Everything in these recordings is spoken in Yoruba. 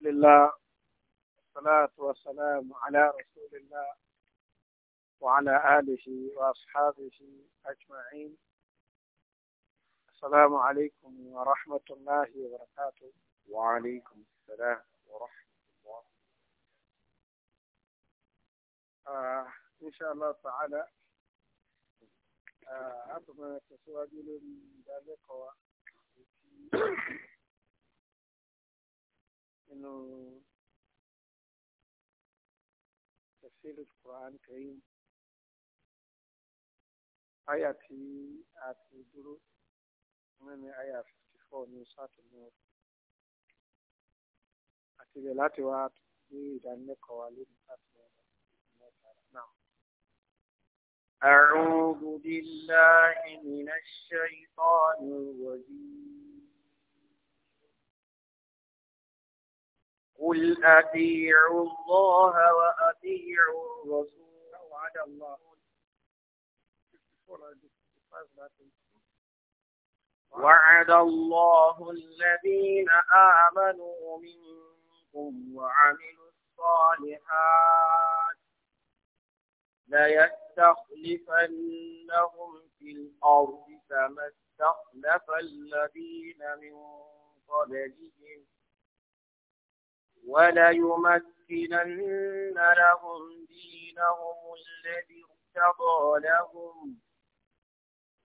لله والصلاة والسلام على رسول الله وعلى آله وأصحابه أجمعين السلام عليكم ورحمة الله وبركاته وعليكم السلام ورحمة الله آه إن شاء الله تعالى آه أبنى تسوى جلو من ذلك إنه تفسير القرآن الكريم آية آتي دروس من آية 54 من سورة النور àtibẹ̀ láti wá gbé ìdánilẹ́kọ̀ọ́ wa lórí wa أعوذ بالله من الشيطان الرجيم قل أطيعوا الله وأطيعوا الرسول وعد الله وعد الله الذين آمنوا منكم وعملوا الصالحات ليستخلفنهم في الأرض كما استخلف الذين من قبلهم وليمكنن لهم دينهم الذي ارتضى لهم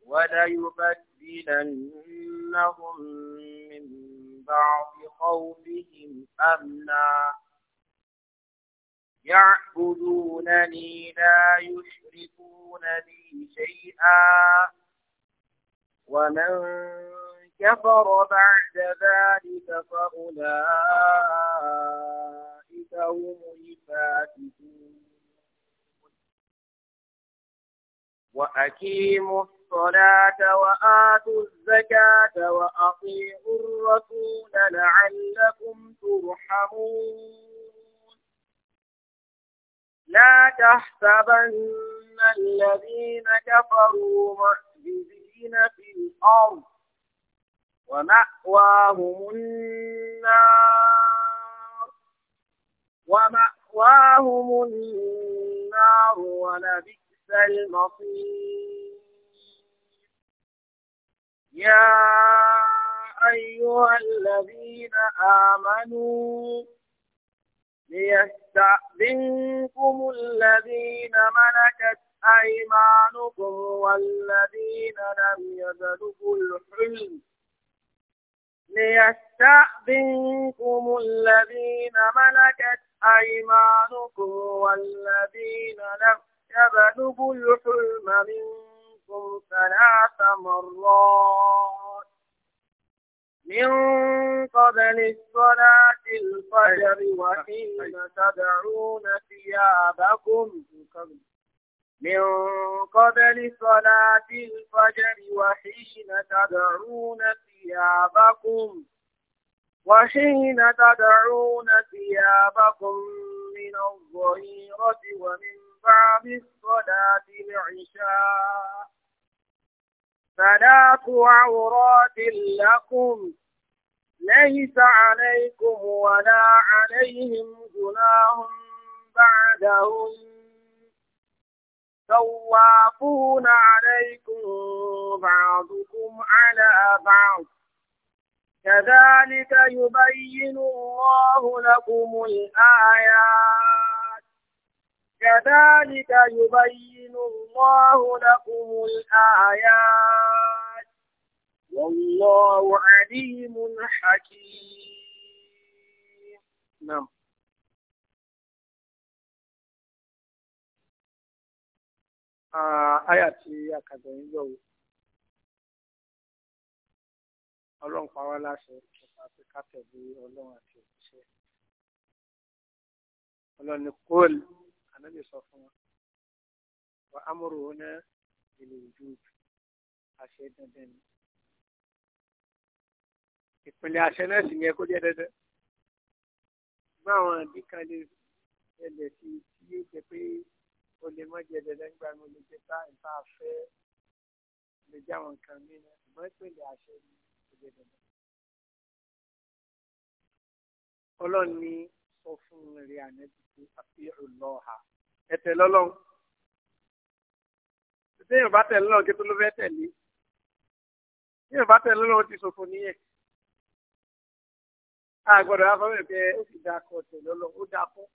وليبدلنهم من بعض خوفهم أمنا يعبدونني لا يشركون بي شيئا ومن كفر بعد ذلك فأولئك هم الفاسقون وأقيموا الصلاة وآتوا الزكاة وأطيعوا الرسول لعلكم ترحمون لا تحسبن الذين كفروا معجزين في الأرض ومأواهم النار ومأواهم النار ولبئس المصير يا أيها الذين آمنوا ليستأذنكم الذين ملكت أيمانكم والذين لم يبلغوا الحلم ليستأذنكم الذين ملكت أيمانكم والذين لم يبلغوا الحلم منكم ثلاث مرات من قبل الصلاة الفجر وحين تدعون ثيابكم من قبل صلاة الفجر وحين تدعون ثيابكم وحين تدعون ثيابكم من الظهيرة ومن بعد الصلاة العشاء ثلاث عورات لكم ليس عليكم ولا عليهم جناح بعدهم توافون عليكم بعضكم على بعض كذلك يبين الله لكم الآيات كذلك يبين الله لكم الآيات والله عليم حكيم نعم àyà tí akàgbẹ̀yìn yọ̀ wò ọlọ́run pa wá láṣẹ nípa pé ká tẹ̀lé ọlọ́run àti òṣìṣẹ́ ọlọ́run ní kóòlù ànábì sọ fún wọn wà ámúrò ní ìlú ìjú àṣẹ dandan ni ìpínlẹ̀ àṣẹ náà sì yẹ kó jẹ́ dandan ṣùgbọ́n àwọn àdìkan lè ṣẹlẹ̀ tí yóò jẹ pé o lè mọ jẹ dandan nígbà mi o lè jẹ tá ìta fẹ lè jẹ àwọn nǹkan mi náà ṣùgbọ́n ìpínlẹ̀ àṣẹ ni o jẹ dandan. ọlọ́run ní sọ fún rẹ̀ ànẹ́bí pé àfi ọlọ́ha ẹ̀tẹ̀ lọ́lọ́run téèyàn bá tẹ̀lé lọ́run kí tó ló fẹ́ tẹ̀lé téèyàn bá tẹ̀lé lọ́run ti ṣòfò níyẹn a gbọ́dọ̀ afọ́mọ̀ pé ó sì dáa kọ́ tẹ̀lé lọ́run ó dáa fún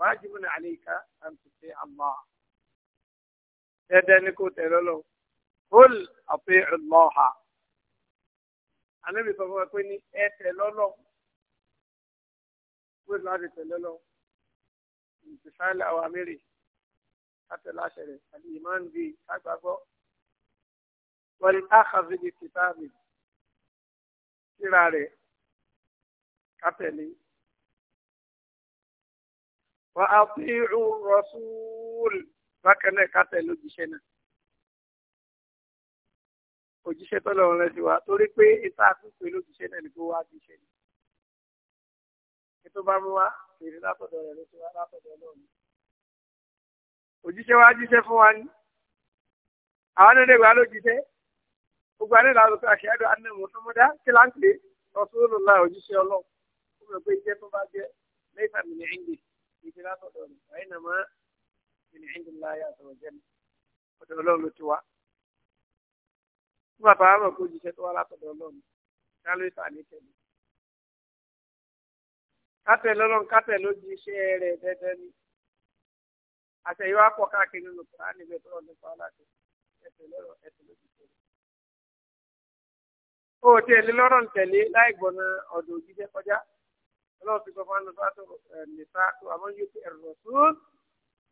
wajibun alayka an tuti Allah dandan ni kò tẹ̀lé lọ qul ati'u Allah ànábì sọ fún wa pé ní ẹ tẹ̀lé lọ pé láti tẹ̀lé lọ ìtìsáìlì àwọn amírì kátẹ láṣẹ rẹ àti ìmáà ń bi kágbàgbọ́ wal akhadhi bi kitabi kíra rẹ kátẹ̀lé wa ati'u rasul bákan náà ká tẹ̀lé òjíṣẹ́ náà òjíṣẹ́ tọ́lọ́run rẹ̀ sí wa torí pé ìta àtúnpè lójíṣẹ́ náà ni kó wá jíṣẹ́ ni ètò bá mú wa kèrè látọ̀dọ̀ rẹ̀ ló ti wá látọ̀dọ̀ náà ni òjíṣẹ́ wa jíṣẹ́ fún wa ni àwọn náà dẹ̀gbà lójíṣẹ́ gbogbo àná ìlànà tó àṣeyàdọ̀ anna Muhammada kí là ń pè Rasulullah òjíṣẹ́ ọlọ́run ó mọ̀ pé iṣẹ́ tó bá jẹ́ lẹ́yìn àmì ní English ìdí látọ̀dọ̀ rẹ̀ wáyé nà má ìní ìdí láyé àtọ̀rọ̀ jẹ́ mi ọ̀dọ̀ ọlọ́run ló ti wá. nígbà táwọn àmọ̀ kó jíṣẹ́ tó wá látọ̀dọ̀ ọlọ́run ká ló ìta ní tẹ̀lé. kátẹ̀ lọ́lọ́run kátẹ̀ ló di iṣẹ́ rẹ̀ dẹ́dẹ́ ni. àtẹ̀yíwá pọ̀ káàkiri nínú kùránì bẹ́ẹ̀ tọ́rọ̀ nípa aláṣẹ ẹ̀sẹ̀ lọ́rọ̀ ẹ̀sẹ̀ o tẹ̀lé lọ́rọ̀ ń ọlọ́run ti sọ fún àwọn ọ̀sán nìta tó eh, àwọn yóò fi ẹ̀rọ sún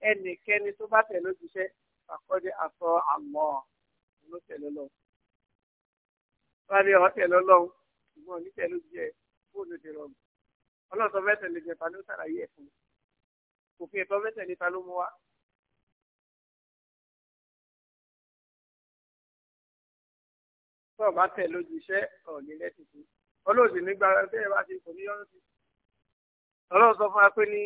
ẹnikẹ́ni tó bá tẹ̀lé òjíṣẹ́ àkọ́dé àsọ àmọ́ ló tẹ̀lé lọ. Báyọ̀ tẹ̀lé ọlọ́run ṣùgbọ́n ní tẹ̀lé òjíṣẹ́ fóònù ti rọrùn. Ọlọ́run tó mẹ́tẹ̀ lè jẹ̀ta ló ṣàlàyé ẹ̀ fún mi. Òfin ẹ̀tọ́ mẹ́tẹ̀ níta ló mú wá. Tó o bá tẹ̀lé òjíṣẹ́ ọ̀ọ́nì lẹ́tìtì. Ọlọ́run sì nígbà tẹ́lẹ̀ bá ti kò ní yọ́nù sí i ọlọ́run sọ fún wa pé ní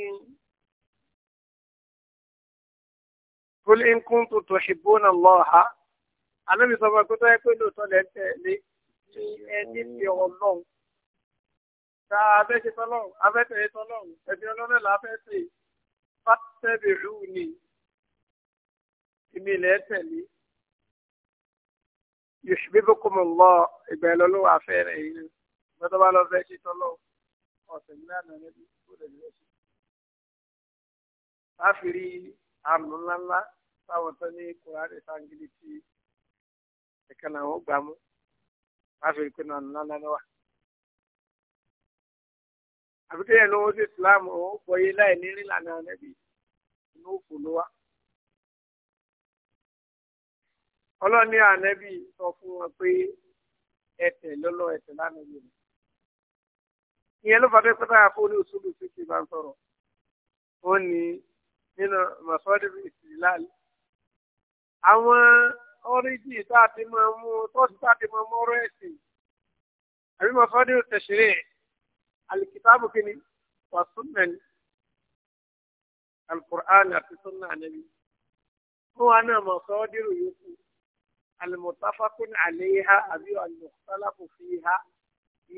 qul in kuntum tuhibbuna Allaha ànábì sọ fún wa pé tó yẹ pé lóòótọ́ lẹ́ ń tẹ̀lé ní ẹni fi ọlọ́run ta abẹ́ṣe tọ́lọ́run abẹ́tẹ̀lé tọ́lọ́run ẹ̀bí ọlọ́run là fẹ́ ṣe fattabi'uni ìmì lẹ́ tẹ̀lé yuhibbukum Allah ìgbà ìlọ́lọ́wọ́ àfẹ́rẹ́ yìí gbọ́dọ̀ bá lọ fẹ́ ṣe tọ́lọ́run ọ̀sẹ̀ ní àná níbi tó lè lọ sí. a fi rí àmì ńláńlá táwọn tó ní kùránì sangili ti ẹ̀ka náà gbà mú a fi rí pé náà ńláńlá lọ́wọ́. àbíkẹ́ yẹn ló ń ṣe ìsìláàmù ó gbọ́yé láì ní rí lànà níbi inú òfò ló wá. ọlọ́ni ànẹ́bí sọ fún wọn pé ẹ̀tẹ̀ lọ́lọ́ ẹ̀tẹ̀ lánàá yìí ìyẹn ló fàdé pé táyà fún oníṣòwò tí kì í bá ń sọ̀rọ̀ ó ní nínú masọ́ọ́dì ìsìláàlì àwọn ọ́rídì tá a ti máa mú tọ́sí tá a ti máa mú ọ̀rọ̀ ẹ̀sìn àbí masọ́ọ́dì tẹ̀sírẹ̀ alìkìtàbù kìíní wàsúnnẹ̀ni alukur'an àti sunna anabi fún wa náà masọ́ọ́dì yòókù alimutafakun àléhà àbí alimutalafu fìhà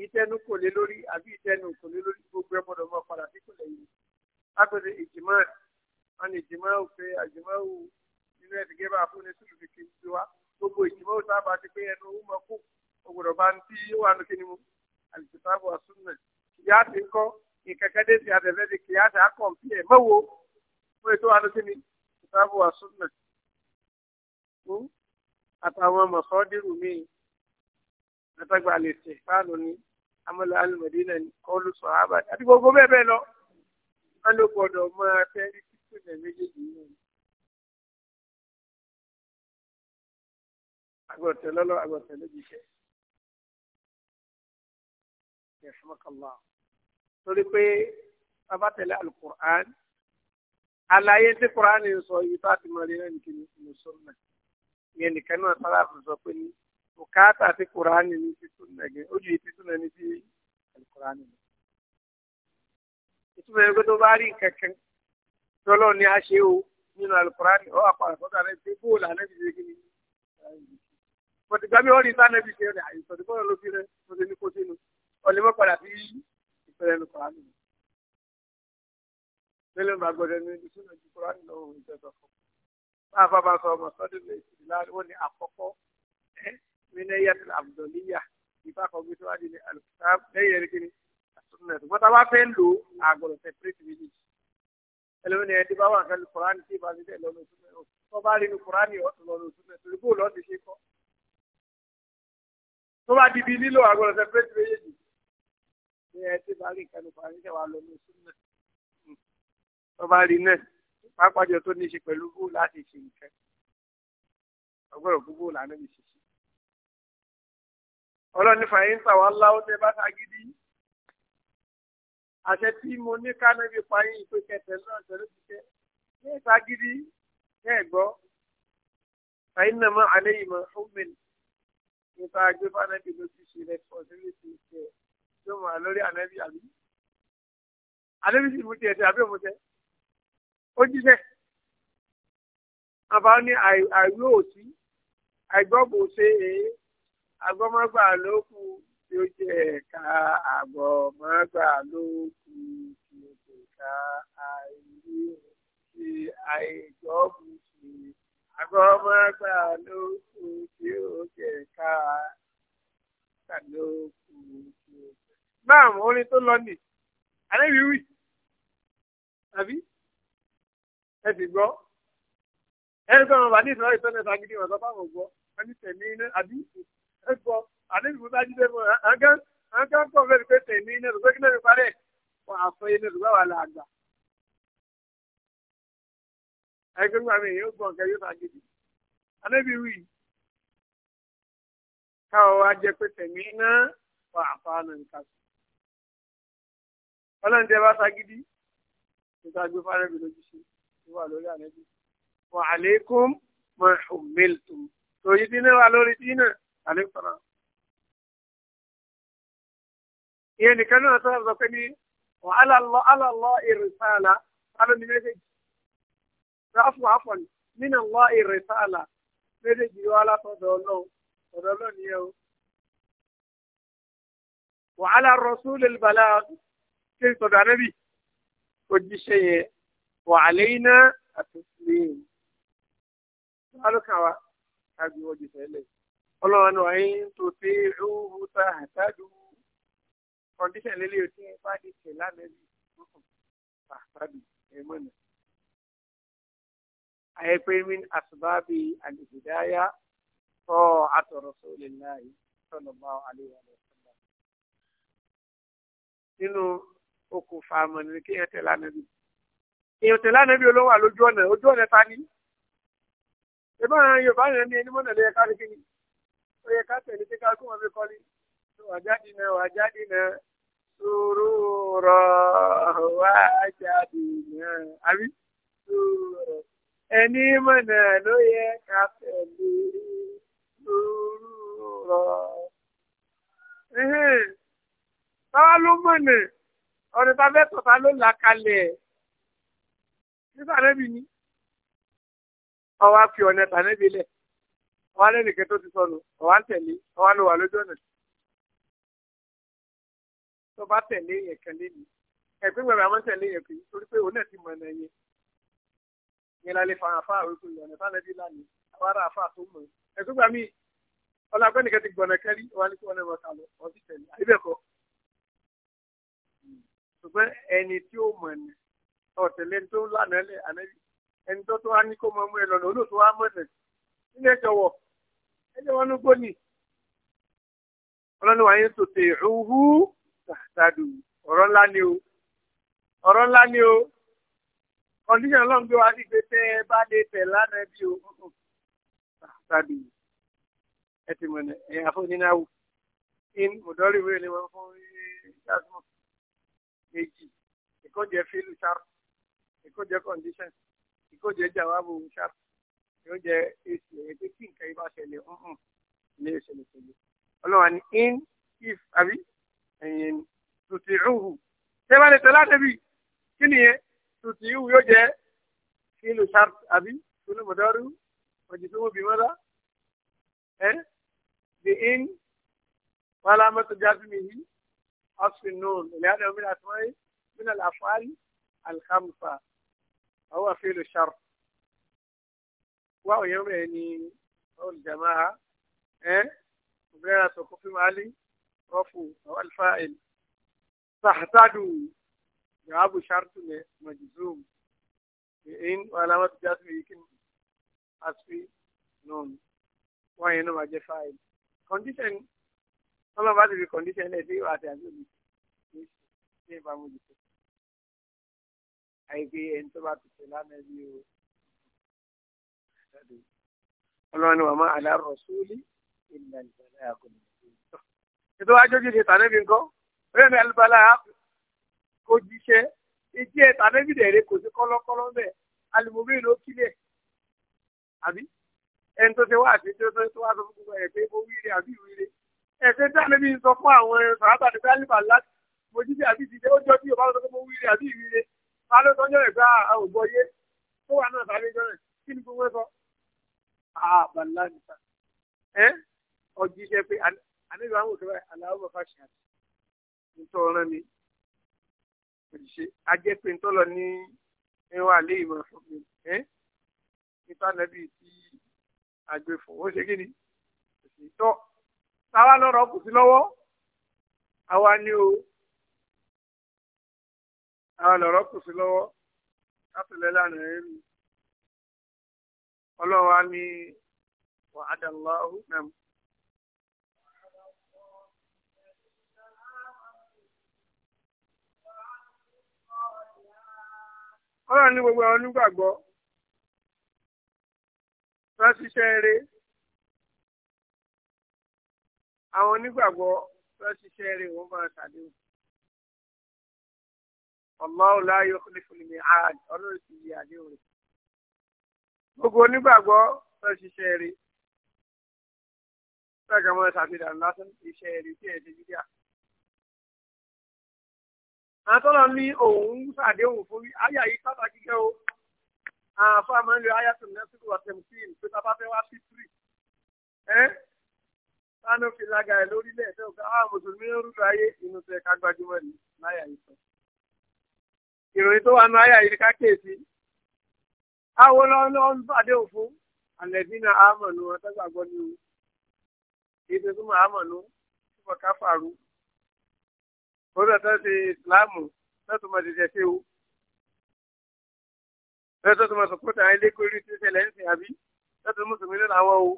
ìtẹnu kò lé lórí àbí ìtẹnu kò lé lórí gbogbo ẹ gbọ́dọ̀ mọ padà sí kòlẹ yìí lápẹẹrẹ ìjìmọ wọn ni ìjìmọ òfin àjìmọ òwò nínú ẹdìgẹ bá fún sùlù fi kiri tiwa gbogbo ìjìmọ òwò sábà ti pé ẹnu owó mọ kú ògbọ́dọ̀ bá ń tí ó wà ní kíni mu àlùfáàbù àsúnmẹ ìyá ti ń kọ ìkẹkẹdé ti àtẹfẹ ti kì í àtẹ àkọǹpì ẹ mọwò fún ètò wà ní kíni àlùfáàbù àsúnmẹ àtàwọn mọ̀sọ́dírù látàgbà lè tẹ̀ fáànù ni amọ̀lá alùmọ̀dínà ni kọ́ọ̀lù sọ àbá àti gbogbo bẹ́ẹ̀ bẹ́ẹ̀ lọ wọn ló gbọdọ̀ máa fẹ́ rí títún ẹ̀ méjèèjì yìí. agbọ̀tẹ̀ lọ́lọ́ agbọ̀tẹ̀ lójú iṣẹ́ yẹ̀sùmọ́kànlá torí pé bàbá tẹ̀lé alukur'an àlàyé tí kur'an ń sọ yìí tó àti mọ̀lẹ́ náà nìkan ní sọ́nà ìyẹn nìkan náà sábà fún bùkátà sí kùránì ní títún nàgẹ́ ó ju títún nàní sí kùránì lọ. ìtumọ̀ ẹgbẹ́ tó bá rí kankan tọ́lọ́ ni a ṣe o nínú alukùránì ọ̀ àpàrà sọ́dọ̀ rẹ̀ ṣe bóòlù alẹ́ ti ṣe kí ni pọtùgbà mi ò rí sáà nẹbi ṣe rẹ àìsàn ìbọn ló fi rẹ mo ti ní kó sínú ọlẹ mọ padà sí ìpẹrẹ ní kọlá nìyẹn lẹlẹ bá gbọ́dọ̀ ní ibi sínú ju kọlá nìyẹn lọ́wọ́ ìjọba fún bá a bá bá sọ ọmọ sọdún lè ṣì láàrin wọn ní àkọ́kọ́ minayat abdulliya ìfakọ̀gbé tó wá di al alukitab lẹ́yìn ẹ̀rí kiri asunet bọ́tà bá fẹ́ lò àgọ̀rọ̀ separate village ẹlẹ́wọ̀n ẹ̀dí bá wà nǹkan ní kùránì tí ìbá sílẹ̀ lọ́nà oṣù bali tó bá rí lo kùránì ọ̀tún lọ́nà oṣù mẹ́rin torí bó lọ́ọ́ ti ṣe kọ́ tó bá di bí lílo àgọ̀rọ̀ separate village ní ẹ̀dí bá rí nǹkan ní kùránì tẹ̀wá lọ́nà oṣù mẹ́rin tó bá rí náà pápájọ tó ní ṣe pẹ̀lú bó láti ṣe nǹkan ọgbọ́dọ̀ gbogbo làánà mi ṣiṣ ọlọ́ni fàyín tà wá láwọn tẹ bá ṣàgídí àṣẹ tí mo ní kánẹ́bí payín ìpè kẹtẹ náà tẹ̀lé ti tẹ ní ṣàgídí ní ẹ̀gbọ́ fàyín nàmọ́ alẹ́ yìí mọ́ ọ̀gbìn nípa agbé fànẹ́bí ló ti ṣe rẹ́pọ̀sibítì ṣe tó mọ̀ lórí ànẹ́bí àbí ànẹ́bí sì mú tiẹ̀ tẹ àbí òmùtẹ́ ó jíṣẹ́ àbá ní àìlóòtí àìgbọ́bù ṣe èé agbọ́mọgbà ló kù tí ó jẹ́ ẹ̀ka àgbọ̀mọgbà ló kù tí ó jẹ́ ẹ̀ka àìrí ti àìgbọ́bù sí agbọ́mọgbà ló kù tí ó jẹ́ ẹ̀ka ló kù tí ó jẹ́. báà mọ orin tó lọ nì àlẹ́wìwì tàbí ẹ ti gbọ́ ẹ ń sọ̀rọ̀ bàdí ìsọ̀rọ̀ ìsọ̀rọ̀ ìsọ̀rọ̀ àgídí wọn sọ fáwọn gbọ́ wọn ti tẹ̀mí iná àbí ẹ gbọ́ àdébí fún sáájú dé fún àǹkán àǹkán kọ̀ fẹ́ẹ́ pé tèmi iná rẹ̀ gbẹ́kí náà rẹ̀ parẹ́ wọ́n àfẹ́ iná rẹ̀ wà láàgbà. ẹgbẹ́ gbà mí yóò gbọ́n kẹ́ yóò fà gidi àdébí wì káwọ́ wá jẹ́ pé tèmi iná wà àfẹ́ àná nǹkan sùn. ọlọ́run tẹ bá sagidi nígbà gbé fárẹ́ mi lójú sí wà lórí àná wa alaykum ma hummiltum torí dínà wà lórí dínà àlékọ́ra. ìyẹn nìkan náà tó sọ pé ní wàhálà lọ alàlọ́ ìrìsáàlà alóni méjèèjì ráfù àfọ̀n nínú lọ ìrìsáàlà méjèèjì yóò alátọ̀dọ̀ ọlọ́run ọ̀dọ̀ ọlọ́run yẹn o. wàhálà rọ̀ṣúlẹ̀ balá ṣe sọ̀dọ̀ ànábì òjíṣẹ́ yẹn wàhálẹ́ iná àtúnṣe yẹn. wàhálà kan wa ká gbé wọ́n jù sẹ́lẹ̀ ọlọ́run wa yín tó ti rúhu tá àtàdù kọ́ndíṣàn lélẹ̀ tí ẹ bá di tẹ̀ lánàbí àtàdù ẹ mọ̀nà. àyẹ̀pẹ̀ min asbabi al-hidaya tọ́ àtọ̀rọ̀ sólè láàyè tọ́nà bá àlewà lọ sọ́dà. nínú okùnfà àmọ̀nà kí ẹ tẹ̀ lánàbí. èèyàn tẹ̀ lánàbí olówó àlójú ọ̀nà ojú ọ̀nà ta ni. ìbára Yorùbá yẹn ní ẹni mọ̀nà lẹ́yẹ káàkiri ó yẹ ká tẹ̀lé tí kálukú wọn fi kọ́lé wàjáde náà wàjáde náà sòrò rọ wàjáde náà àbí sòrò ẹni mọ̀nà ló yẹ ká tẹ̀lé sòrò rọ. Táwa ló mọ̀nà ọ̀rẹ́ bá fẹ́ tọ̀ta ló là kalẹ̀ nígbà rẹ̀ bì ní ọwọ́ á fi ọ̀nà tànẹ́bí lẹ̀ wọn á lẹ́nìkẹ́ tó ti sọnù ọ̀wá ń tẹ̀lé ọ̀wá ló wà lójú ọ̀nà tó bá tẹ̀lé yẹn kan lé ní ẹ̀pín gbẹ̀rẹ̀ àwọn tẹ̀lé yẹn kìí torí pé òun náà ti mọ ẹ̀nà yẹn yẹn la lè fa àfa àwòrán ìyọ̀nà tá lẹ́bí lánàá àwọn ará àfa tó mọ̀ ẹ̀pín gbà mí ọlọ́pẹ́ nìkan ti gbọ̀nà kẹ́rí wọn ni kí wọ́n lè wọ́n kà wọ́n ti tẹ̀lé àyíbẹ̀kọ́ ṣùgbọ́n ẹni tí ó mọ̀ ní ẹjẹ wọn ló gbóni ọlọ́ni wàá yẹn tòtè òhù tàdù ọ̀rọ̀ ńlá ni o ọ̀rọ̀ ńlá ni o kọ́ndíṣàn ọlọ́run wa dìgbé tẹ́ ẹ bá lè tẹ̀ lánàá bí o tàdù ẹ ti mọ̀ ẹ àfọ̀nìyàwó in mọ̀dọ́rì wẹ́rẹ́ ni wọ́n fún yasmọ̀ méjì ìkọ́jẹ́ fílù sharp ìkọ́jẹ́ condition ìkọ́jẹ́ jawabu sharp yóò jẹ èsì ẹ̀yẹ pé kí nǹkan yìí bá ṣẹlẹ̀ hàn ní ìṣẹ̀lẹ̀ ṣẹlẹ̀ ọlọ́wà ní in if àbí ẹ̀yìn tùtìrúhù ṣé bá lè tẹ̀lé àtẹ̀bí kí nìyẹn tùtìrúhù yóò jẹ kí ló ṣá àbí tùnú mọ̀dọ́rú ọ̀jì tó wọ́n bí mọ́lá ẹ́ the in wàhálà mọ́tò jáde mi yìí ọ̀sìn nù ìlẹ́ àdàmínà tó wáyé mínà làfáàlì alhamsa àwọn àfihàn ṣàrù wá òyìn rẹ̀ ni olùjàmáà ẹ́ òbẹ́ra sọ̀kún fí máa lé rọ́fù alfa el sàhátàdù jàábù sàrtù ní majizum in alamọ́ ti jásù yìí kí asfi nọ́ọ̀n wọ́n yẹn náà máa jẹ́ fáìl condition wọ́n máa bá ti fi condition ẹ̀ sí ìwà àti àgbègbè ní ìbámu jù àìgbé ẹni tó bá ti tẹ̀lé àmẹ́bí o àdó ọlọ́run ni wà má àlá rọ̀ṣúlì ìlà ìbàlá àkùnrin. ètò ajójúde tànẹ́bí ńkọ́ bẹ́ẹ̀ ni alùbálà kò jíṣẹ́ ìjì ẹ̀ tànẹ́bí dẹ̀rẹ̀ kò sí kọ́lọ́kọ́lọ́ bẹ́ẹ̀ alùmọ̀bí ló kílẹ̀ àbí ẹni tó ṣe wá àti tó tó wá sọ fún gbogbo ẹ̀ pé ó wíire àbí ìwíire ẹ̀sẹ̀ tànẹ́bí sọ fún àwọn sàábà ní alùbálà mo jíṣe àbí ìdíje ó jọ bí o bá lọ sọ pé ó wíire àbí ìwíire abàláàdì sá ẹ ọjíṣẹ pé àníbi àwọn òṣèré aláwọ bàbá ṣe àti nítorí ọ̀ràn mi òṣìṣẹ́ ajẹ pé ntọ́lọ ní ẹwà àlẹ ìmọ̀ fún mi ẹ nípa nàbí tí àgbẹ fún ó ṣe kí ni òṣìṣẹ́ táwa lọ́rọ̀ kù sí lọ́wọ́ àwa ni o àwa lọ́rọ̀ kù sí lọ́wọ́ látọlẹ lánàá ẹ ọlọ́wà ní wàhádàláhù mẹ́m. ọlọ́run ní gbogbo àwọn onígbàgbọ́ wọ́n ṣiṣẹ́ eré àwọn onígbàgbọ́ wọ́n ṣiṣẹ́ eré wọ́n máa ṣàdéhùn. Allahu la yukhlifu al-mi'ad ọlọ́run ti di àdéhùn rẹ̀ gbogbo onígbàgbọ́ lọ ṣiṣẹ́ rí lọ́gàá mọ́ ṣàfihàn lásán iṣẹ́ rí tí ẹ̀ ṣe jíjà. àtọ́lọ́ ní òun ṣàdéhùn fún mi ayé àyè sábà jíjẹ́ o àǹfà máa ń lo ayé tó ní ẹ́sìkò wà seventeen tó tá a bá fẹ́ wá sí three ẹ́ sanu fi lága ẹ̀ lórílẹ̀ tó ká àwọn mùsùlùmí ń rúdò ayé inú tẹ̀ ká gbajúmọ̀ ní láyà yìí sọ. ìròyìn tó wà nù ayé àyè ká kéèsì àwọn ọlọ́run pàdé òfin àlẹ́bí náà àmọ̀nù ọ̀tọ́gbàgbọ́ ni o ètò tó máa àmọ̀nù fífọ̀ káfàrú orílẹ̀ tó ṣe ìsìláàmù lọ́tọ̀ máa ṣẹṣẹ ṣe o lọ́tọ̀ tó máa sọ̀pọ̀tà àwọn ilé kórìí tó ṣẹlẹ̀ ń sìn àbí lọ́tọ̀ mùsùlùmí náà làwọn o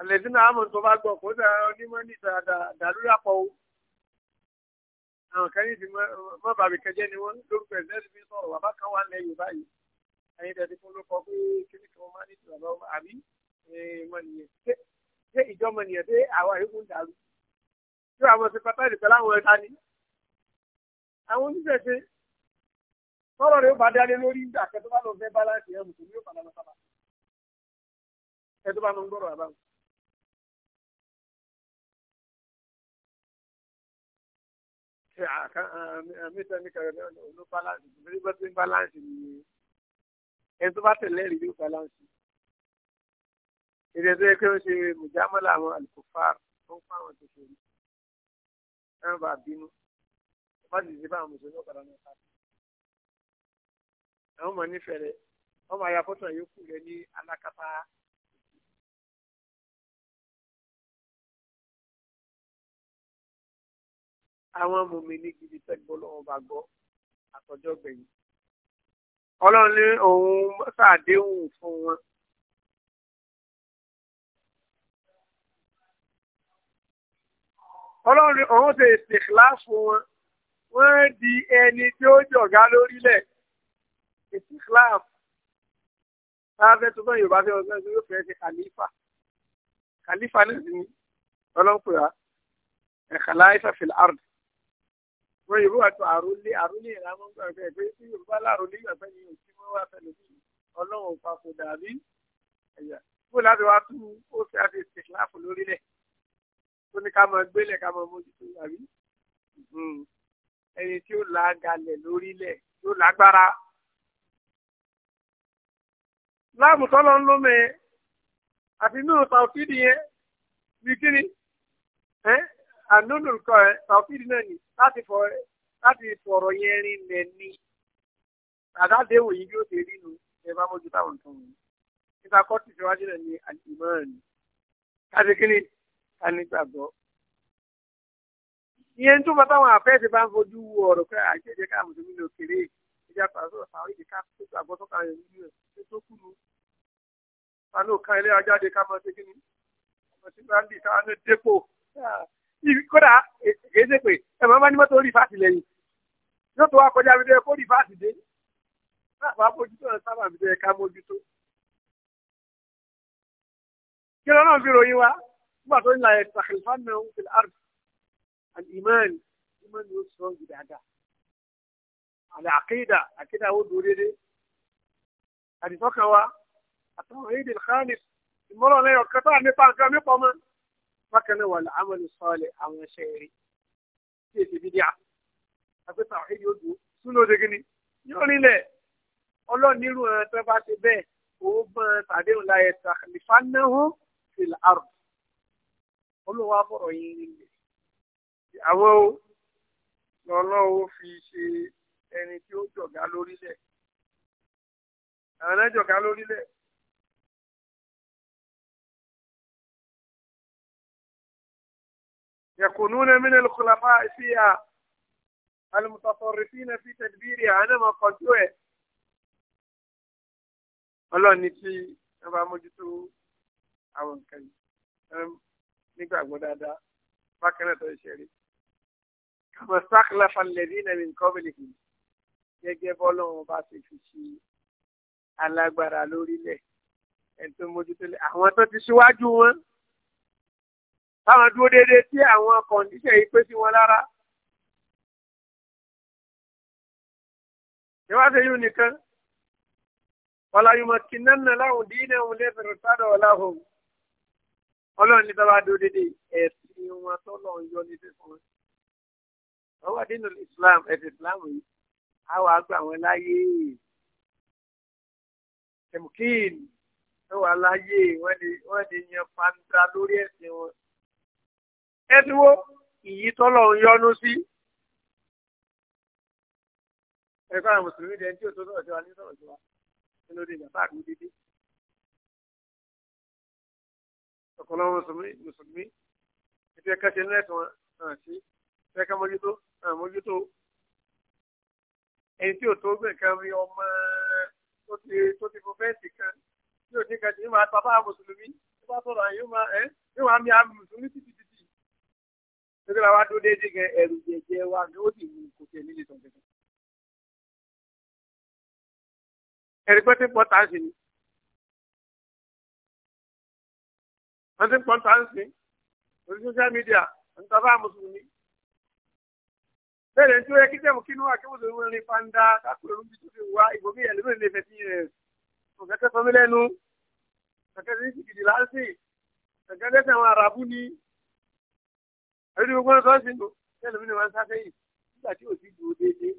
àlẹ́bí náà àmọ̀nù tó bá gbọ́ kó dáa onímọ̀ níta dàlúrà pọ̀ o àwọn kan yìí ti mọ bàbí kẹjẹ ni wọn lórúkọ ẹsẹ ti fi sọ̀rọ̀ bàbá kan wà lẹ́yìn yorùbá yìí ẹyin tẹsí fún ló kọ pé kíní kan máa ní ìtura lọ́wọ́ àbí mọnìyàn ṣé ìjọ mọnìyàn ṣé àwa yìí kún dàrú ṣé àwọn ti pátá ìdìpẹ́ láwọn ẹ̀ka ni àwọn oníṣẹ̀ṣe sọ̀rọ̀ rẹ̀ ó bá dálé lórí àkẹ́tọ́ bá lọ fẹ́ báláǹsì ẹ̀ mùsùlùmí ó padà lọ sábà ẹ̀ tó bá lọ ń gbọ́rọ̀ àbáwọn. mítà ní kẹrẹ ló balance bí wọ́n ti ń balance nìyẹn ẹni tó bá tẹ̀lé rí yóò balance. ìdè tó yẹ kí wọ́n ṣe mùjámọ́lá àwọn alùpùpàr tó ń fáwọn tètè rí ẹ̀rọ bá bínú wọ́n ti ṣe báwọn mùsùlùmí ọ̀kadà náà ká. àwọn ọmọ nífẹ̀ẹ́ rẹ̀ wọ́n máa ya fọ́tò yòókù rẹ̀ ní alákatá. àwọn mòmìnì gidi fẹ́gbọ́ lọ́wọ́ bá gbọ́ àtọ́jọ́ gbẹ̀yìn ọlọ́run ní òun ṣàdéhùn fún wọn. ọlọ́run ní òun ṣe ìsìnkìlá fún wọn wọ́n di ẹni tí ó jọ̀gá lórílẹ̀ ìsìnkìlá sáfẹ́ tó bá yorùbá fẹ́ ọgbẹ́ tó yóò fẹ́ ṣe kàlífà kàlífà náà ni ọlọ́run pè wá ẹ̀ka láìsà àrùn wọ́n yorùbá wà tó àròlé àròlé yẹn làwọn gbà fẹ́ pé tí yorùbá láròlé yẹn fẹ́ yẹn tí wọ́n wá fẹ́ lómi ọlọ́run papò dàbí ẹ̀yà kó láti wá tú ó fi àti ìsìnkìláàfù lórílẹ̀ tó ní ká mọ gbélẹ̀ ká mọ mójútó àbí hmm. ẹni tí ó làágalẹ̀ lórílẹ̀ tó lágbára. láàmù tọ́lọ́ ń lómi àti inú tàwọ́fídì yẹn bí kíni ànúnù kọ ẹ tàwọ́fídì náà nìyí láti fọ̀rọ̀ yẹn rinlẹ̀ ni àdádéwò yìí bí ó ṣe rí nu ẹ bá mójú táwọn nǹkan wọ̀nyí nípa kọ́tù ìṣèwádìí rẹ̀ ní àdìmọ́ràn ni káṣí kíni ká nígbàgbọ́. ìyẹn tó bá táwọn àfẹ́sẹ̀ bá ń fojú wo ọ̀rọ̀ pé àjẹjẹ ká mùsùlùmí ló kéré ìjà pàṣẹ àwọn ìdí ká tó gbàgbọ́ tó kàn yẹn nínú ẹ̀ tó kú lu. ta ló kan ilé ajáde ká mọ kódà èyí ṣe pé ẹ máa bá ní mọ́tò rìfáàsì lẹ́yìn yóò tó wá kọjá bí bẹ́ẹ̀ kó rìfáàsì dé láàbà bójútó ẹ̀ sábà bí bẹ́ẹ̀ ká mójútó. kí ló náà fi ròyìn wa nígbà tó ń la ẹ̀sà ìfàmì ọ̀hún fi àrùn àti ìmọ̀ẹ́nì ìmọ̀ẹ́nì ó sọ ọ́n dáadáa. àlẹ́ àkéèdà àkéèdà ó dúró déédéé àdìsọ́kàn wa àtàwọn èdè kánì ìmọ̀lọ́lẹ́yọ̀ kẹta nípa nǹkan nípa ọmọ bákan náà wà láàmúlò sọ́ọ̀lẹ̀ àwọn ẹ̀ṣẹ̀ rí tí èsì bíi díà àgbẹ̀tà ọ̀hìn yóò dùn súnú òdegini yóò rílẹ̀ ọlọ́ọ̀nirú ẹ̀ tẹ́ bá ṣe bẹ́ẹ̀ òun gbọ́n tàdéhùn láyé tàlífà náà hó fìlà àrùn olùwà fọ̀rọ̀ yín nílẹ̀ àwọn o lọ́lọ́wọ́ fi ṣe ẹni tí ó jọ̀gá lórílẹ̀ àwọn ẹ̀jọ̀gá lórílẹ̀ يكونون من الخلفاء فيها المتصرفين في تدبيرها أنا ما قلتوه ọlọ́run ní tí wọ́n bá mójútó àwọn nǹkan yìí nígbàgbọ́ dáadáa bákan náà tó ṣe rí. kàmọ́ sákìlá falẹ̀dí nàmí nǹkan bìlì kì í gẹ́gẹ́ bọ́lọ́run bá ti fi ṣe alágbára lórílẹ̀ ẹ̀ tó mójútó lẹ̀ àwọn tó ti ṣíwájú wọn táwọn dúró déédéé tí àwọn kọ̀ǹdíṣẹ̀ yìí pé sí wọn lára. ìwádìí yìí nìkan ọ̀làyùmọ̀ kì náà láwùn dínà òun lè fẹ̀rẹ̀ sádọ̀ ọ̀làhùn ọlọ́run ní bàbá dúró déédéé ẹ̀sìn wọn tó lọ́ọ́ yọ ní fífún wọn. ọwọ́ dínà Islam ẹ̀sìn Islam yìí àwọn àgbà wọn láyé tẹmukíìn wọn wà láyé wọn lè yan pàǹdà lórí ẹ̀sìn wọn ẹfi wo ìyí tọ́lọ̀ ń yọnu sí. ẹ̀ka àwọn mùsùlùmí dẹ̀ tí òtún sọ̀rọ̀ sí wa ní sọ̀rọ̀ sí wa nínú orí ìjàpá àti dídí. ọ̀pọ̀lọpọ̀ mùsùlùmí ìfi ẹ̀ka ṣe nílẹ̀ tán hàn sí ẹ̀ka mójútó hàn mójútó. ẹni tí òtún gbìn kan rí ọmọ tó ti tó ti fún fẹ́ǹsì kan tí òtún kan ti ní máa bàbá mùsùlùmí tó bá sọ̀rọ̀ àyè yóò máa mi àmì mùsùlùmí títí nítorí àwa dúró déédéé gan ẹ̀rù jẹjẹ wa ni ó sì mú kò tẹ̀ nílé tán gẹ́gẹ́. ẹ̀rí pé tí pọ́tà ń ṣe wọ́n ti pọ́tà ń ṣe orí social media ń tọ́ bá mùsùlùmí. bẹ́ẹ̀ ni tí ó yẹ kí tẹ̀mù kínú àkíwòsàn ìwé rin pàǹdà kákùrẹ́ lóbi tó fi wá ìbomi ẹ̀lẹ́mìí lè fẹ́ sí rẹ̀ kẹ̀kẹ́ sọmi lẹ́nu kẹ̀kẹ́ sí ìsìkìdì láǹsì kẹ̀kẹ́ lẹ́sẹ̀ àwọn àràbù ni ẹni gbogbo ọ̀sán ṣe ń lò tẹ́lẹ̀ mi ni wọ́n ń sáfẹ́ yìí nígbà tí ò sí dúró déédéé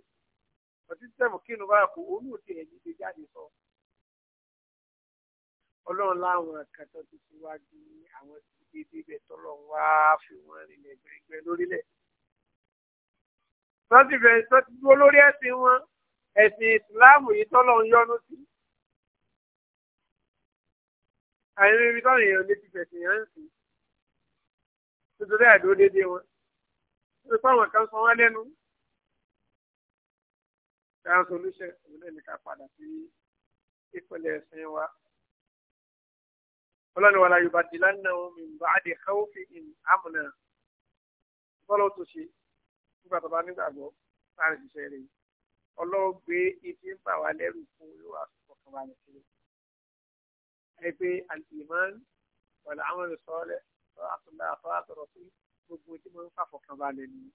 ọtí sẹ́mu kí ni báyà kó olú òtí ẹ̀ ní ìgbéjáde sọ. ọlọ́run láwọn kan tó ti síwájú àwọn tí déédéé bẹ̀ tọ́lọ̀ wá fi wọ́n rinlẹ̀ gbẹ̀gbẹ̀ lórílẹ̀. sọ́ọ́tì bẹ̀rẹ̀ sọ́ọ́tì dúró lórí ẹ̀sìn wọn ẹ̀sìn ìsìláàmù yìí tọ́lọ̀ ń yọ́nú sí. àìrí ibi táwọn èèyàn lè ti fẹ̀sìn yẹn ń sìn nítorí àìdúró déédéé wọn nítorí pé àwọn kan sọ wọn lẹ́nu káà solúṣẹ òun náà ní ká padà sí ìpínlẹ̀ ẹ̀sìn wa ọlọ́ni wàlá yorùbá di lánàá wọn mi bá a di káwọ́fì in amúnà bọ́lá tó ṣe nígbà tó bá nígbàgbọ́ láàrin ṣiṣẹ́ rẹ̀ ọlọ́wọ́ ibi ń bà wá lẹ́rù fún olúwa ọkàn wa nìkan ẹ àlùmọ́ọ́nì wàlá àwọn ìsọ̀ọ́lẹ̀ àtúndà àtọ́lá sọ̀rọ̀ pé gbogbo tí mo ń fàfọ̀kànbalẹ̀ nìyí.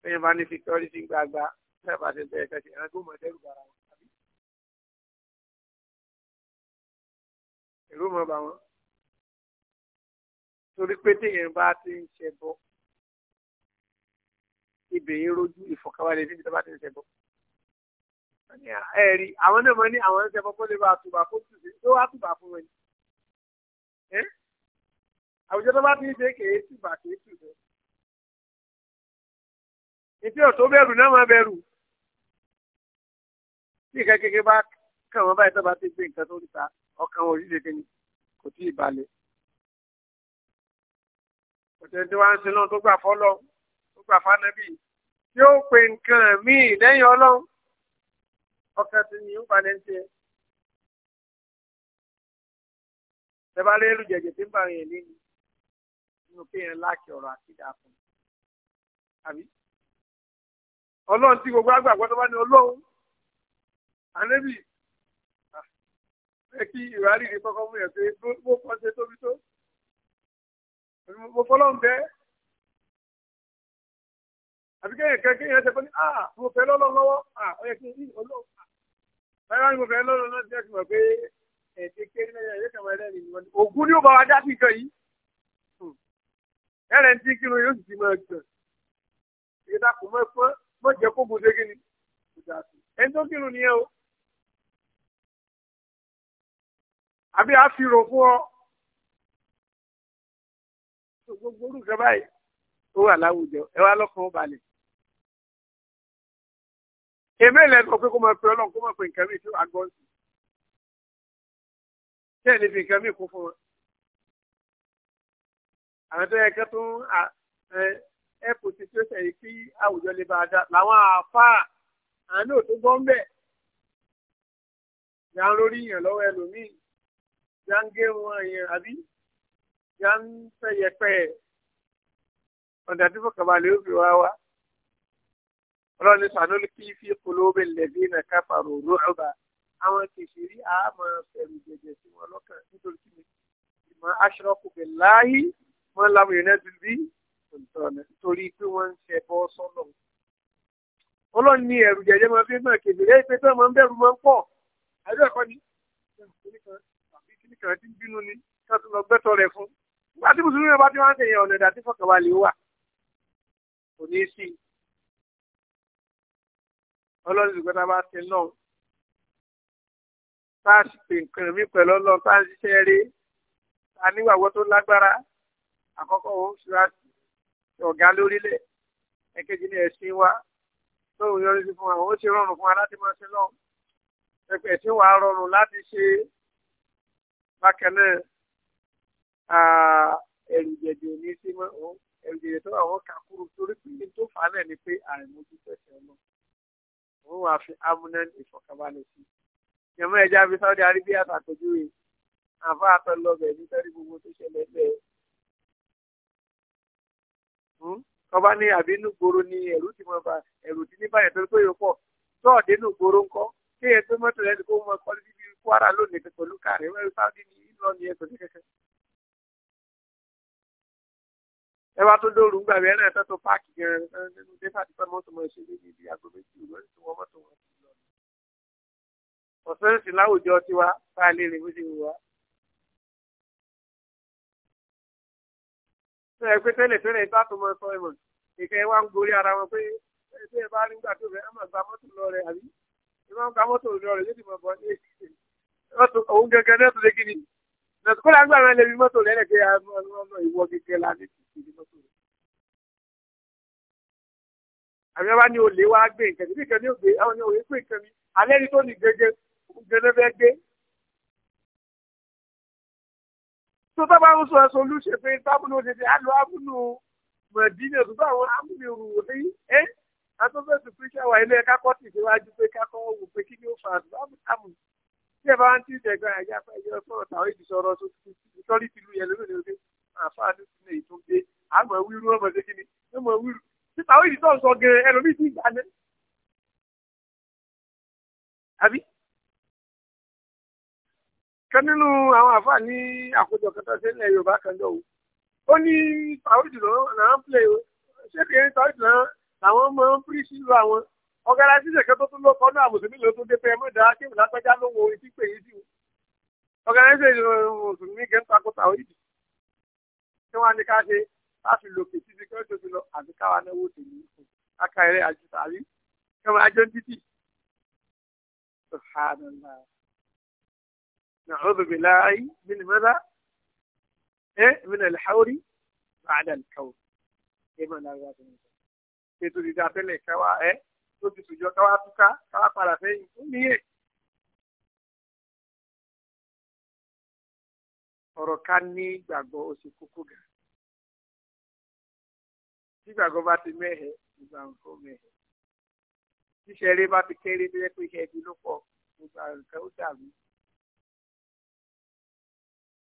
bẹ́ẹ̀ bá ní fíkọ́rí sí gbàgbà bẹ́ẹ̀ bá ti bẹ́ẹ̀ kẹ́sì ẹ̀rọ gbọ́mọ ẹ̀dẹ́rù bàrà wọn. èrò mọ̀ bá wọn. torí pé téèyàn bá ti ń ṣẹbọ ibẹ̀ yẹn rojú ìfọ̀kànbalẹ̀ níbi tó bá ti ń ṣẹbọ ẹ̀rí àwọn náà mọ̀ ní àwọn ń ṣẹbọ kó lè bá àtùbà kó tù tó wá àtùbà fún wọn ni ẹ́ àwùjọ tó bá ti ń ṣe kèé tù bà kèé tù bẹ́ẹ̀. ètò ọ̀tọ́ bẹ̀rù náà máa bẹ̀rù tí ìka kékeré bá kàn wọ́n báyìí tó bá ti gbé nǹkan tó ń ta ọkàn wọn òṣìṣẹ́ kẹ́ni kò tí ì balẹ̀. ọ̀tẹ̀ tí wàá ń ṣe náà tó gbà fọ́lọ́ tó gbà fánábì tí ó pe nǹkan míì lẹ́yìn ọlọ́run ọkàn ti ní ń balẹ̀ ń tiẹ̀. tẹ́bá lérú jẹ̀jẹ̀ tí ń bá yẹn lé ní inú kéèyàn láàkì ọ̀rọ̀ àkídà fún un àbí ọlọ́run tí gbogbo àgbàgbọ́ tó bá ní ọlọ́run ànẹ́bì ẹ kí ìwárìrì kọ́kọ́ mú yẹn pé bó kọ́ ṣe tóbi tó mo fọlọ́run bẹ́ẹ̀ àbí kéèyàn kẹ́ kéèyàn ṣe pé ní ah mo fẹ́ lọ́lọ́ lọ́wọ́ ah ó yẹ kí n rí ọlọ́run ni mo fẹ́ lọ́lọ́ lọ́wọ́ ti ẹ̀ ti mọ̀ pé ẹ̀ẹ́dẹ́ kéré náà yẹ kàn máa rẹ́rìn wọn. ògún ni ó bá wa dá sí nǹkan yìí hmm. ẹ̀rẹ̀ ń tí kírun yóò sì ti máa gbọ̀n ìgbà kò mọ ẹ̀fọ́ mọ jẹ́ kó gbòde kí ni ẹni tó kírun nìyẹn o àbí a fi rò fún ọ gbogbo orúkọ báyìí ó wà láwùjọ ẹ wá lọ́kàn ó balẹ̀ èmi ìlẹ̀ sọ pé kó máa pe ọlọ́run kó máa pe nǹkan mi tí ó àgbọ̀n sí tẹ́ ẹ̀ lè fi nǹkan mí kún fún wọn. àwọn tó yẹ kẹ́ tún ẹ kò sí tí ó ṣẹ̀yìn kí àwùjọ lè bá a dá làwọn àáfàá àánú ò tó gbọ́ ń bẹ̀. ìyá ń lórí yàn lọ́wọ́ ẹlòmíì ìyá ń gé wọn yẹn àbí ìyá ń fẹ́ yẹpẹ́ ọ̀dà tí fọkànbalẹ̀ ó fi wá wá. ọlọ́run ní sànúlù kí fi kúlóbì lẹ́bí nà káfà rò rò ọba àwọn kèfèrí àmọ́ fẹ̀rù jẹ̀jẹ̀ sí wọn lọ́kàn nítorí kí ni ìmọ̀ aṣọ́kù bẹ̀ láàyè wọ́n láwọn èèyàn náà ti rí ìtọ́nà nítorí pé wọ́n ń ṣe bọ́ sọ́nà. ọlọ́run ní ẹ̀rù jẹ̀jẹ̀ máa fi ń hàn kèfèrí ẹ̀ pé bẹ́ẹ̀ máa ń bẹ̀rù máa ń pọ̀ àdúrà kọ́ ni kíníkan ti ń bínú ni ká tún lọ gbẹ́tọ̀ rẹ̀ fún nígbà tí mùsùlùmí náà bá ti wá ń tẹ̀yìn ọ̀nà ìdá tí fọkànbalẹ̀ wà kò ní í sí ọlọ́run ìgbẹ́ta bá ti náà tá a sì pè nǹkan mi pẹ̀lú ọlọ́run tá a ń ṣiṣẹ́ rí tá nígbàgbọ́ tó lágbára àkọ́kọ́ òun ṣúra ọ̀gá lórílẹ̀ ẹ̀kejì ní ẹ̀sìn wa tóun yọrí sí fún wa ó ṣe rọrùn fún wa láti máa ṣe lọ́hùn ẹ̀pẹ̀ tí wàá rọrùn láti ṣe bákan náà ẹ̀rù jẹ̀jẹ̀ ní sí mọ́ ẹ̀rù jẹ̀jẹ̀ tó àwọn kà kúrò torí pé tó fà á náà ni pé àìmójútó ẹ̀sẹ̀ náà òun wàá fi amúnẹ́ni ìfọ̀kànbalẹ̀ sí i yẹmọ ẹja fi Saudi Arabia ṣàpèjúwe àfa àtọlọbẹ nítorí gbogbo tó ṣẹlẹ̀ bẹ́ẹ̀ ọba hmm? ní àbínú gbòòrò ní ẹrù tí mo bá ẹrù tí ní báyìí torí pé yóò pọ tọọdẹ nù gbòòrò ńkọ kí ẹ tó mọtò lẹni kó mọ kọ níbi Kwara lónìí pẹ̀lú káàrin wọn Saudi ní ìlọ ní ẹsọ ní kẹ̀kẹ́. ẹ wá tó dóoru gbàgbé ẹ náà tó tó páàkì gan-an nínú dépàtì pé mọ́tò mọ́ ṣe ní ọ̀sẹ̀rẹ̀sì láwùjọ tiwa tá a lè rìn bó ṣe wù wá. ṣé ẹ pé tẹ́lẹ̀ tẹ́lẹ̀ ìta tó mọ sọ ìmọ̀ ìkẹ́ wa ń gorí ara wọn pé ẹgbẹ́ ẹ bá rí gbà tó rẹ̀ ẹ máa gba mọ́tò lọ rẹ̀ àbí ẹ máa gba mọ́tò lọ rẹ̀ yóò ti mọ̀ bọ́ ní òun gẹ́gẹ́ náà tó lé kí ni kódà ń gbà wọn lè rí mọ́tò rẹ̀ lẹ́gbẹ́ ọmọ ìwọ gẹ́gẹ́ la ní ìdí mọ́tò rẹ̀. àmì ẹ wá ní olè wá gbé nǹkan níbi kan ògbé àwọn ní òwe pé nǹkan mi alẹ́ ni tó ní gẹ́gẹ́ gbẹ́lẹ́ fẹ́ gbé. tó tábà ń sọ ẹ̀sọ́ olúṣe pé tábùnú tètè á mọ̀dínà tó bá àwọn ábùnú rò ní ẹ́ atọ́fẹ́sì píṣà wà ilé kákọ́ tì síwájú pé kákọ́ wò pé kí ni ó fà ábùnú tí ẹ bá ń tíì dẹ̀gbọ́n àyà fẹ́ yọ sọ̀rọ̀ tàwọn èdè sọ̀rọ̀ sọ́rí tìlú yẹn lórí òde àfáàní sílẹ̀ èyí tó ń gbé àmọ̀ wíru ọmọ ṣe kíni ọmọ wíru tí tàwọn èdè sọ̀rọ̀ sọ gẹ̀rẹ́ ẹlòmíì ti gbà ní kan nínú àwọn àfáà ní àkójọ kan tó ṣe nílẹ̀ Yorùbá kan jọ o ó ní tàwídì náà ń play o ṣé kìí ní tàwídì náà làwọn máa ń pírí sílùú àwọn ọ̀gára ṣíṣe kan tó tún ló kọ́ náà mùsùlùmí ló tún dé pé ẹmọ́dà kébù lápẹ́já ló wo etí pè yí sí o ọ̀gára ṣíṣe mùsùlùmí kẹ́ ń takò tàwídì tí wọ́n á ní ká ṣe láti lò kìí síbi kí wọ́n tó ti lọ àti káwa náà wò tèmi aka نعوذ بالله من ماذا؟ إيه من الحور بعد الكون إيه من الغاز ètò ìdíje àtẹlẹ káwa ẹ tó ti sùjọ káwa túká káwa padà sẹ́yìn fún mi yẹ. ọ̀rọ̀ ká gbàgbọ́ ó ṣe gà. tí gbàgbọ́ bá ti mẹ́hẹ̀ ìgbà nǹkan mẹ́hẹ̀. tíṣẹ́ eré bá ti kéré tó yẹ pé iṣẹ́ ibi ló pọ̀ gbogbo ó dàrú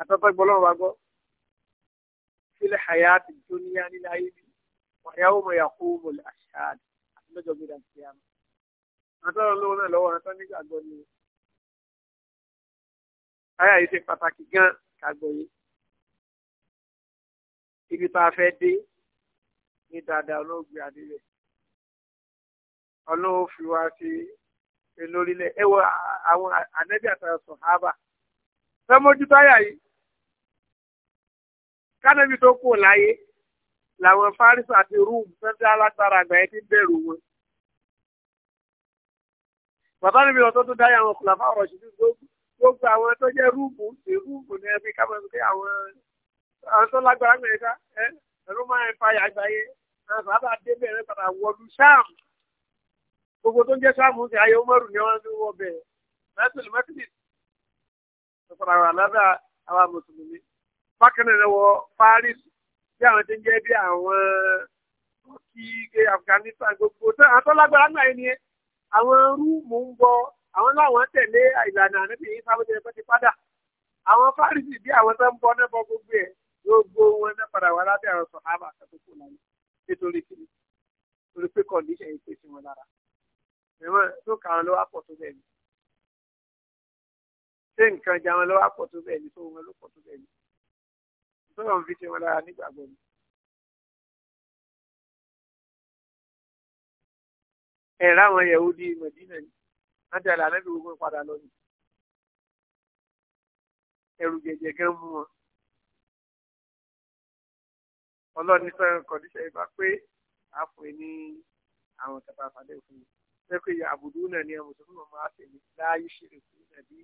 àtọ́tọ́ gbọ́ lọ́wọ́ wa gbọ́ sílẹ̀ hayati dunya nílé ayé bi wa yawma yaqumul ashhad àti lọ́jọ́ gbé dàbí ṣe àná àtọ́ lọ́wọ́ náà lọ́wọ́ àtọ́ nígbàgbọ́ ni ayé àyè ṣe pàtàkì gan kàgbọ́ yìí ibi tá a fẹ́ dé ní dáadáa olóògbé adébẹ̀ ọlọ́wọ́ fi wá sí lórílẹ̀ ẹ wọ àwọn ànẹ́bí àtàwọn sọ̀hábà fẹ́ mójútó ayà yìí kánẹ́bí tó kù láyé làwọn fárísì àti rúùmù sẹ́ńtẹ́ alágbára àgbà yẹn ti ń bẹ̀rù wọn. bàbá mi lọ tó tún dáyà àwọn kùlàfà ọ̀rọ̀ ṣì gbogbo àwọn tó jẹ́ rúùmù sí rúùmù ní ẹbí ká mọ̀ pé àwọn àwọn tó lágbára ń gbẹ̀yẹ́ká ẹ ẹ̀rọ máa ń fàyà àgbáyé àwọn sábà dé bẹ̀rẹ̀ padà wọlú sáàmù gbogbo tó ń jẹ́ sáàmù sí ayé umaru ni wọ́n ti wọ bẹ̀rẹ̀ mẹ́tìlì mẹ́tìlì bákan náà wọ Paris bí àwọn tí ń bí àwọn turkey Afghanistan gbogbo àwọn rúùmù ń bọ àwọn láwọn tẹ̀lé ìlànà wọn náà padà lábẹ́ àwọn láyé nítorí kiri pé kọ̀ǹdíṣẹ̀ yìí pèsè wọn lára ẹ̀wọ̀n tó kà wọn pọ̀ tó bẹ́ẹ̀ ni ṣé nǹkan tọ́lọ̀ ń fi ṣe wọn lára nígbàgbọ́ ni. ẹ̀rọ àwọn Yẹ̀húdì Mẹ̀dínà ni wọ́n tẹ̀lé ànábì gbogbo padà lọ ni. ẹ̀rù jẹ̀jẹ̀ gan mú wọn. ọlọ́run ní sọ́yìn kọ̀díṣẹ́ ibà pé àpò ní àwọn kàtà àfàdé òfin mi. sẹ́kọ̀ ìyá àbùdú náà ni ẹ̀mùsùn fún ọmọ àtẹ̀mí láàyè ṣe lè fún ìnàbí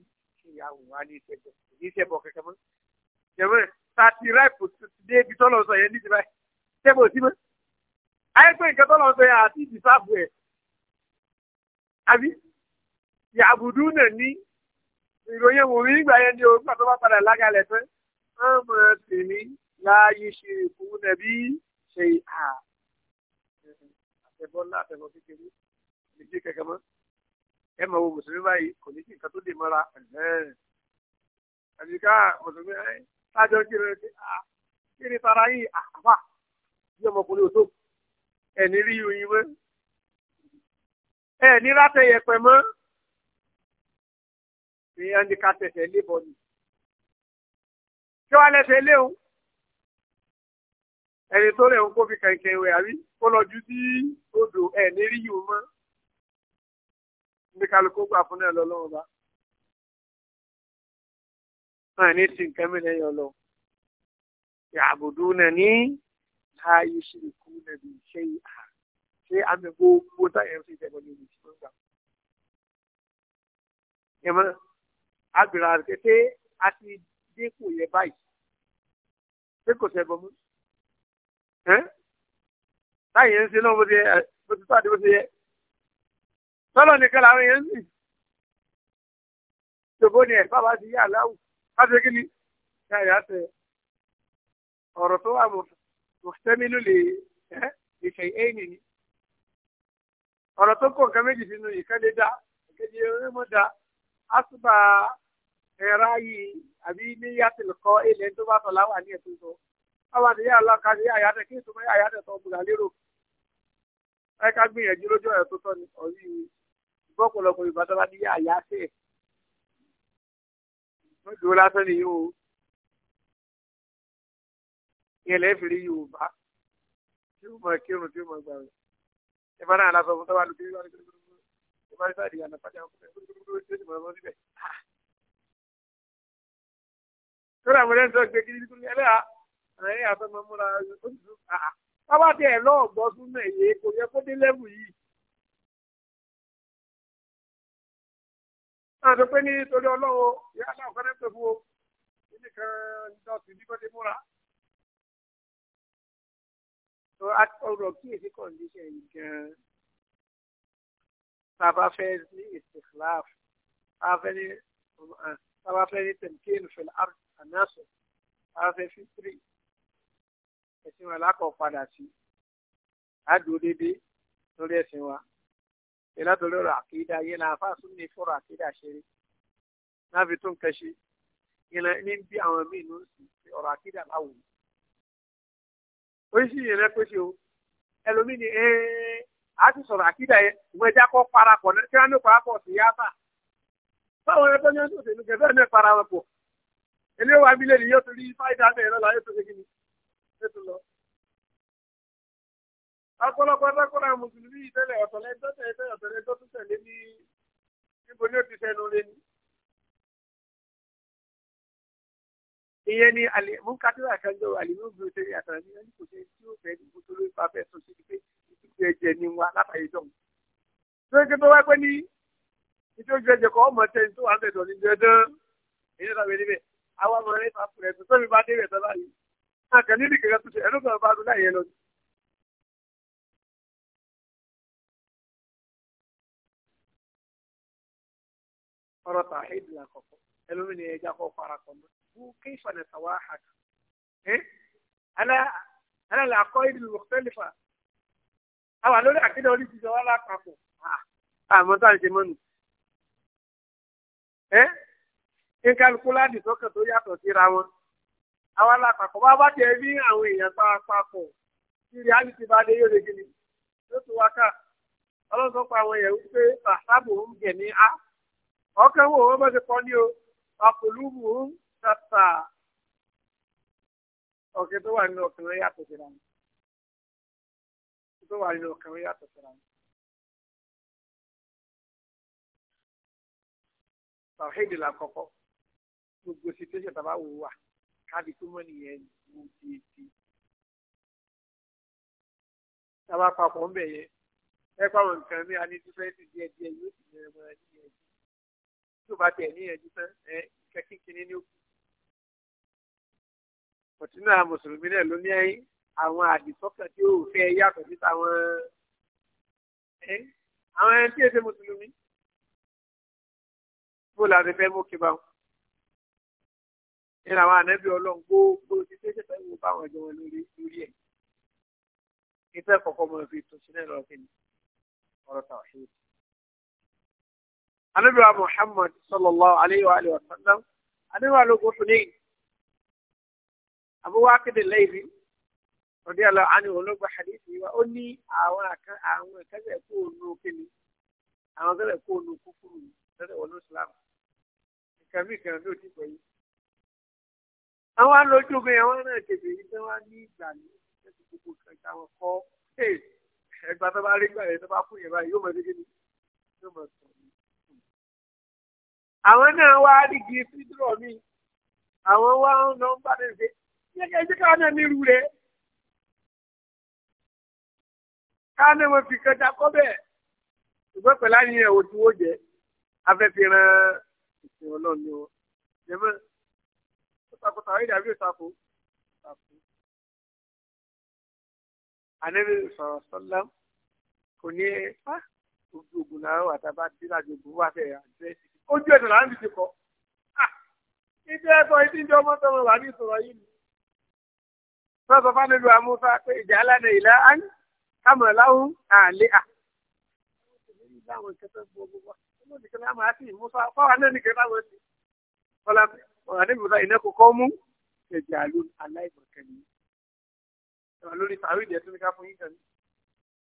ìyàwó wa ní ìṣẹ̀bọ̀ kẹ̀kẹ́ mọ́. jẹ́mọ́ thirty rep dé ibi tọ́lọ̀ sọ yẹn níbi báyìí tẹ́bù ò sí mọ́. ayé pé nǹkan tọ́lọ̀ sọ yẹn àti ìdìsáàbù ẹ̀ àbí yàbùdú náà ní ìròyìn wò mí yẹn ni o nígbà tó bá padà lágalẹ̀ tán wọ́n mọ̀ ẹ́ sì ní láàyè ṣe ìfún nàbí ṣe à àtẹ̀bọ́ ńlá àtẹ̀bọ́ kékeré lè jẹ́ kẹ̀kẹ́ mọ́ ẹ mọ̀ wo mùsùlùmí báyìí kò ní kí nǹkan tó dè mọ́ra àbíká mùsùlùmí báyìí tájọ kí rẹ ṣe à ah, kí ni tara yìí àfà ah, bí ọmọkùnrin ò tó ẹni rí oyin wẹ ẹni látẹ yẹpẹ mọ ìyẹn ní ká tẹsẹ lébọ ni kí wàá lẹsẹ léwu ẹni tó lẹ̀ ń kó fi kẹ̀kẹ́ wẹ̀ àbí kó lọ ju sí odò ẹ̀ ní rí yìí mọ́ ní kálukú gbà fún ẹ lọ́lọ́run bá máa ní sí nǹkan mi lẹ́yìn ọlọ ìyàbòdú náà ní láàyè ṣìrìkú nàbí iṣẹ́ ìhà ṣé àmì gbogbo táyà sí ìjẹ̀bọ̀ ní ìlú ìṣúná gbà. ẹ̀mọ́ àgbèrè àrùkété a ti dínkù yẹ báyìí ṣé kò ṣẹ́ bọ́ mú. táyà ń ṣe náà bó ti tó àdé bó ti yẹ tọ́lọ̀ nìkan làwọn èèyàn ń sìn. ṣògo ni ẹ̀ bàbá ti yá aláwù káṣe kí ni ká yà á tẹ ọ̀rọ̀ tó wà mọ̀tẹ́mínú lè ẹ́ ìfẹ̀ ẹ̀yìn ni ọ̀rọ̀ tó kọ̀ nǹkan méjì sínú ìkẹ́lẹ́ dá ìkẹ́lẹ́ ẹ̀rọ mọ́ dá àṣùbà ẹ̀rá yìí àbí ní yàtìlùkọ́ ilẹ̀ tó bá tọ̀lá wà ní ẹ̀tún sọ àwọn àti yàrá ọlọ́ka ní àyàtẹ̀ kí ìtumọ̀ àyàtẹ̀ tó gbùdà lérò ẹ ká gbìyànjú lójú ọ̀rọ̀ tó tọ́ ni ọ̀rí ìgbọ́pọ̀lọpọ̀ ìbátan bá ní yà àyàtẹ̀ wọ́n dúró lásán nìyí o ìyẹn lẹ́yìn fìrí yorùbá tí ó mọ kírun tí ó mọ gbàgbé ẹ bá náà lásán fún tọ́wálù kiri wálé kiri ẹ bá rí sáàdì yànnà fàjà fún ẹ lórí àwọn ẹni tó gbé kiri kiri ẹlẹ́yà àwọn ẹni àfẹ́ mọ́ múra oṣù àá bábà tí ẹ̀ lọ́ọ̀gbọ́ súnmọ́ èyí kò yẹ kó dé lẹ́bù yìí. náà ah, sọ pé nítorí ọlọ́wọ́ ìyá aláwọ̀ fẹ́rẹ́ pè fún o níbi kan níta ọ̀sìn bí wọ́n ti múra. sọ ọ̀rọ̀ kíyèsí kọ̀ǹdíṣẹ̀ yìí gan-an tá a bá fẹ́ ní ìsìláàfù tá a fẹ́ ní tá a bá fẹ́ ní tẹ̀mkéènù fẹ̀lẹ́ ànáṣọ̀ tá fẹ́ fítírì ẹ̀sìn wa lákọ̀ọ́ padà sí àdúró déédéé lórí ẹ̀sìn wa ina tó lórí àkídá yìí náà àfa sún ní fúnra àkídá ṣeré náà fi tún kẹṣí ìlà ní bí àwọn míì ló ń sì ọ̀rọ̀ àkídà láwùjọ. oríṣi yẹn lẹ́pẹ́ ṣe o ẹlòmíì ni a ti sọ̀rọ̀ àkídà yẹn ìwé ẹja kọ́ parapọ̀ náà kí wọ́n ní parapọ̀ sí yáfà. báwọn ẹgbẹ́ yẹn tó tẹ̀lé gẹ̀ẹ́fẹ́ náà para wọn pọ̀. eléwà mílíọ̀nù yóò torí fáìdà bẹ́ẹ̀ lọ́la yóò tó ṣe kí ni yóò tó lọ. ọ̀pọ̀lọpọ̀ dákọlá mùsùlùmí ìtẹlẹ ọtọlẹgbẹ tẹlẹ ọtọlẹgbẹ tó tẹlẹ ní níbo ni ó ti fẹnu lé ní. ìyẹn ni mú kátìrà kanjọ àlìmú gbé ṣe àtàrà ní ẹni kò ṣe tí fẹ́ ní gbogbo lórí pàfẹ́ tó ṣe pé ni wa látàrí jọ̀hún. tó ṣe tó wá pé ní ìtújú ẹ̀jẹ̀ kọ́ ọmọ tẹ̀ tó wà ń ní dandan èyí tó níbẹ̀ ọmọ rẹ̀ fà tó bá dé tó ṣe kan ọ̀rọ̀ tàhídì lákọ̀ọ́kọ́ ẹlòmí ni ẹja kọ́ fara kọ́ mọ́ kú kí ìfọ̀nà tàwa àkà ẹ́ alẹ́ àkọ́ ìdí mọ̀tẹ́lifà àwọn lórí àkídà orí ti sọ wá lápapọ̀ àmọ́ tá à ń ṣe mọ́nu ẹ́ kíkálukú láti sọ́kàn tó yàtọ̀ síra wọn àwọn alápapọ̀ bá bá tiẹ̀ rí àwọn èèyàn tó apapọ̀ kiri á bá dé yóò lè gbìn lóṣù wákà ọlọ́sọ̀pọ̀ àwọn èèyàn wípé àṣàbò ń gẹ̀ ní á ọkàn wò wọ́n bá ṣe kọ́ ní o àpòlùmù ń tàtà ọ̀kẹ́ tó wà nínú ọkùnrin yàtọ̀ síra wọn tó wà nínú ọkùnrin yàtọ̀ síra wọn. tàwíìdì la kọ́kọ́ gbogbo situation tàbá wò wà káàdì tó mọ́ nìyẹn wò déédé tàbá papọ̀ ń bẹ̀ yẹn ẹ pàwọn nǹkan ní a ní dífẹ́ǹsì díẹ̀díẹ̀ yóò sì yẹn ẹ níyẹn jù tí o bá tẹ̀ ní ẹjú tán ẹ kẹ́kínkínní ní òkú. kọ̀tínú àwọn mùsùlùmí náà ló ní àwọn àdìsọ́kàn tí ó fẹ́ yàtọ̀ sí táwọn ẹ àwọn ẹni tí èsè mùsùlùmí. bó la ti fẹ́ mú kí bá wọn. nínú àwọn ànábì ọlọ́run gbogbo ti tẹ́sẹ̀ fẹ́ wò báwọn ẹ̀jọ̀ wọn lórí lórí ẹ̀. ìfẹ́ kọ̀ọ̀kan mọ̀ fi tòṣìlẹ̀ lọ́ọ́ fi ọ̀rọ̀ tàwọn ṣe é anábìwá muhammad sallallahu alayhi wa alayhi wa sallam anábìwá lóko hunain abu waqid al-laythi radiyallahu anhu olóògbé hadithi wa ó ní àwọn àwọn ìkẹsẹ̀ kó o nu kíni àwọn ìkẹsẹ̀ kó o nu kúkúrú lọ́dọ̀ wọn ní islam nǹkan mí kan ní òtí pẹ̀lú. àwọn alójú mi àwọn náà tètè yìí tí wọ́n ní ìgbà ní ẹ̀sìn gbogbo kan táwọn kọ́ ẹ̀gbà tó bá rí gbà yẹn tó bá kú yẹn báyìí yóò mọ̀ ní kíni yóò mọ̀ sọ̀rọ̀ àwọn náà wá dìgì fídúrọ̀ mi àwọn wá ń lọ ń bá dẹ̀ ṣe yẹ́kẹ́ ṣe káwọn náà nírú rẹ̀ káwọn náà wọ́n fi kẹta kọ́ bẹ́ẹ̀ ṣùgbọ́n pẹ̀lú àníyàn ò tí wọ́n jẹ́ afẹ́fẹ́ ran ìsìn ọlọ́run ni wọn jẹ́mọ́ ó takò tàwọn ìdàbí òtakò takò. Ànábì sọ̀rọ̀ sọ́lá kò ní ẹ́ fá ojú ogun làwọn àtàbà tí lájọ ogun wà fẹ́ àdírẹ́sì ojú ẹ̀sìn là ń dìde kọ́. Ah, ìdí ẹ̀kọ́ ìdí ìjọ ọmọ tọmọ wà ní ìsọ̀rọ̀ yìí ni. Sọ́sọ fánilú Amúsá pé ìjà aládé ìlà án kámọ̀ láhùn àlé à. Ọ̀rọ̀ ní Musa iná kò kọ́ mú ẹ̀jẹ̀ àlú aláìmọ̀kẹ́ni. Ẹ̀wọ̀n lórí tàwí ìdí ẹ̀sìn ká fún yín kan.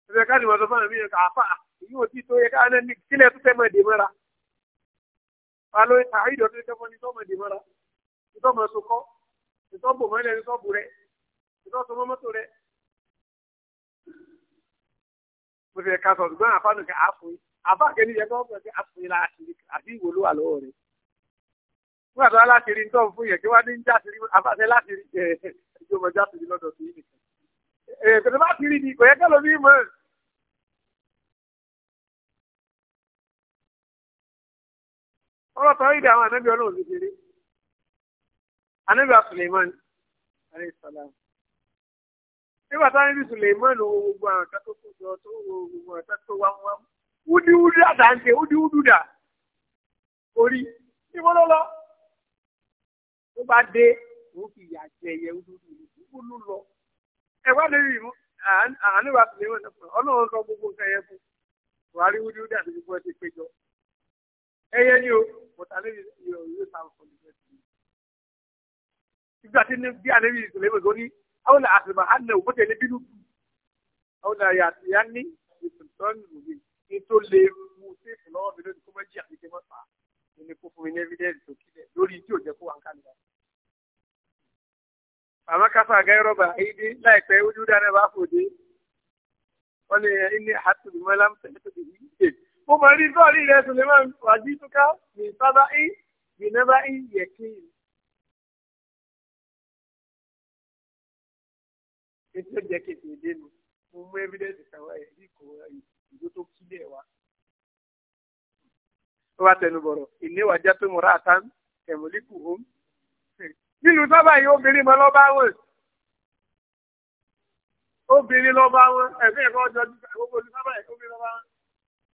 Ẹ̀sìn ká ní wọ́n sọ fún mi, àfà, èyí ò tí tó yẹ ká ní kílẹ̀ tó fẹ́ mọ̀ dé mọ́ra alo àìdí ọdún kẹfọ ní sọmọ ìdìbò rà ìtọ́mọ sọkọ ìtọ́bù mọ́lẹ̀ ní sọ́ọ̀bù rẹ ìtọ́sọmọ mọ́tò rẹ. mo ti ẹ̀ka sọ̀rọ̀ ṣùgbọ́n àfa nìkan àfọ̀ que àfa kẹ́ni yẹ kọ́ pẹ̀lú àfọ̀ yìí àti ìwò ló wà lọ́wọ́ rẹ̀. nígbà tó láti rí nítorí fún yẹ kí wọ́n ní ń já siri àfàṣẹ láti rí ẹ̀ ẹ̀ ìjọba já siri lọ́dọ̀ sí yìí nìkan. èèyàn kò ọ̀rọ̀ tọ́ ìdí àwọn anábì ọlọ́run kékeré anábì Suleiman alayhi salam nígbà táwọn ibi Suleiman wo gbogbo àwọn kan tó kù jọ tó wo gbogbo àwọn kan tó wámú wámú wúdiwúdi àdáǹtẹ wúdiwúdi dà orí ìwọ́n lọ́lọ́ tó bá dé òun fi ìyà jẹ ẹyẹ wúdiwúdi ìlú ló lọ ẹ̀wá lórí ìmú àánú wa Suleiman ọlọ́run sọ gbogbo nǹkan yẹn fún Buhari wúdiwúdi àti gbogbo ẹ̀ ti péjọ ẹyẹ ni o mọ̀tàlẹ́ yóò yóò sá fún mi lẹ́sìn. Ìgbà tí ní bí alẹ́ yìí sọ̀rọ̀ ìgbàgbọ́ ní àwọn là àṣìmọ̀ á nà òbó tẹ̀lé bínú kù. Àwọn là yà sí ní ìsìntọ́nù òye ní tó lè mú séèfù lọ́wọ́ mi lónìí kó mọ́ jí àti kémọ́ fà á. Ìní kó fún mi ní evidence tó kílẹ̀ lórí tí ò jẹ́ kó wà ń kálíwá. Màmá káfà gẹ́ rọ́bà ayídé láìpẹ́ ojú dáná bá fòde. Wọ́n ní ẹni àtùnúmọ́lá ń tẹ̀lé tó mo mọ̀ rí sọ́ọ̀rí rẹ̀ Suleiman wàjí túká ní sábà í ní nẹ́bà í yẹ kí n. ètò ìjẹ́ kéde èdè nu mo mú evidence kan wáyé bí kò ìlú tó kílẹ̀ wa. ó wá tẹnu bọ̀rọ̀ ìníwájá tó mọ̀ra àtàn ẹ̀mọ́líkù hóm. nínú sábà yìí obìnrin mọ́ lọ́ba wọn obìnrin lọ́ba wọn ẹ̀fẹ́ ìfọ́jọ́ gbogbo olùsábà yìí obìnrin lọ́ba wọn.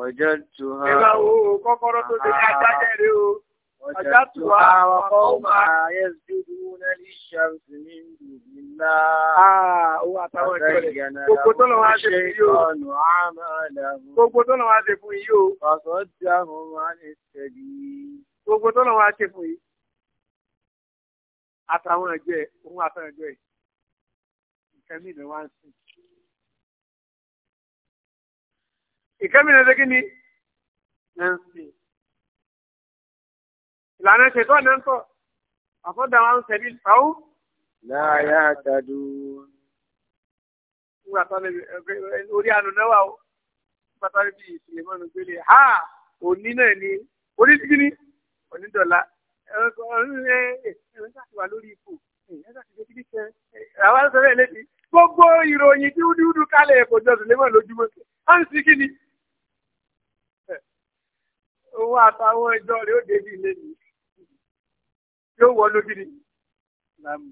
Ọjọ́ tu ha. Ìgbà wo kọ́kọ́rọ́ tó ti ká jájẹ́ rí o? Ọjọ́ tu ha àwọn ọmọ ayẹ́sì dúdú lẹ́lí ṣàǹsì ní ìlú ńlá. Owó àtàwọn ìjọ rẹ̀. Gbogbo tó lọ wá ṣe fún yìí o. Gbogbo tó lọ wá ṣe fún yìí o. Ọ̀sán tí àwọn ọmọ á lè tẹ̀lé. Gbogbo tó lọ wá ṣe fún yìí. Àtàwọn ìjọ ẹ̀, òun àtàwọn ìjọ ẹ̀. Ìkẹ́mí ni wá ń ìkẹ́mìnà ṣe kí ni ìlànà ṣètò ọ̀nà ń tọ̀ àfọ́dà wa ń tẹ̀lé ìfàwọ́. láàyè àtàdù. nígbà tó lè orí àánú ha òní náà ni orí ti kí ni onídọ̀la wà lórí ipò àwọn sọ̀rọ̀ ẹ̀ lẹ́bi gbogbo ìròyìn tí wúdiwúdi kálẹ̀ kò jọ sùlẹ́mọ̀ lójúmọ́ à ń sì kí ni owó àtàwọn ẹjọ́ rẹ̀ ó débi ilé mi yóò wọ lógiri láàmú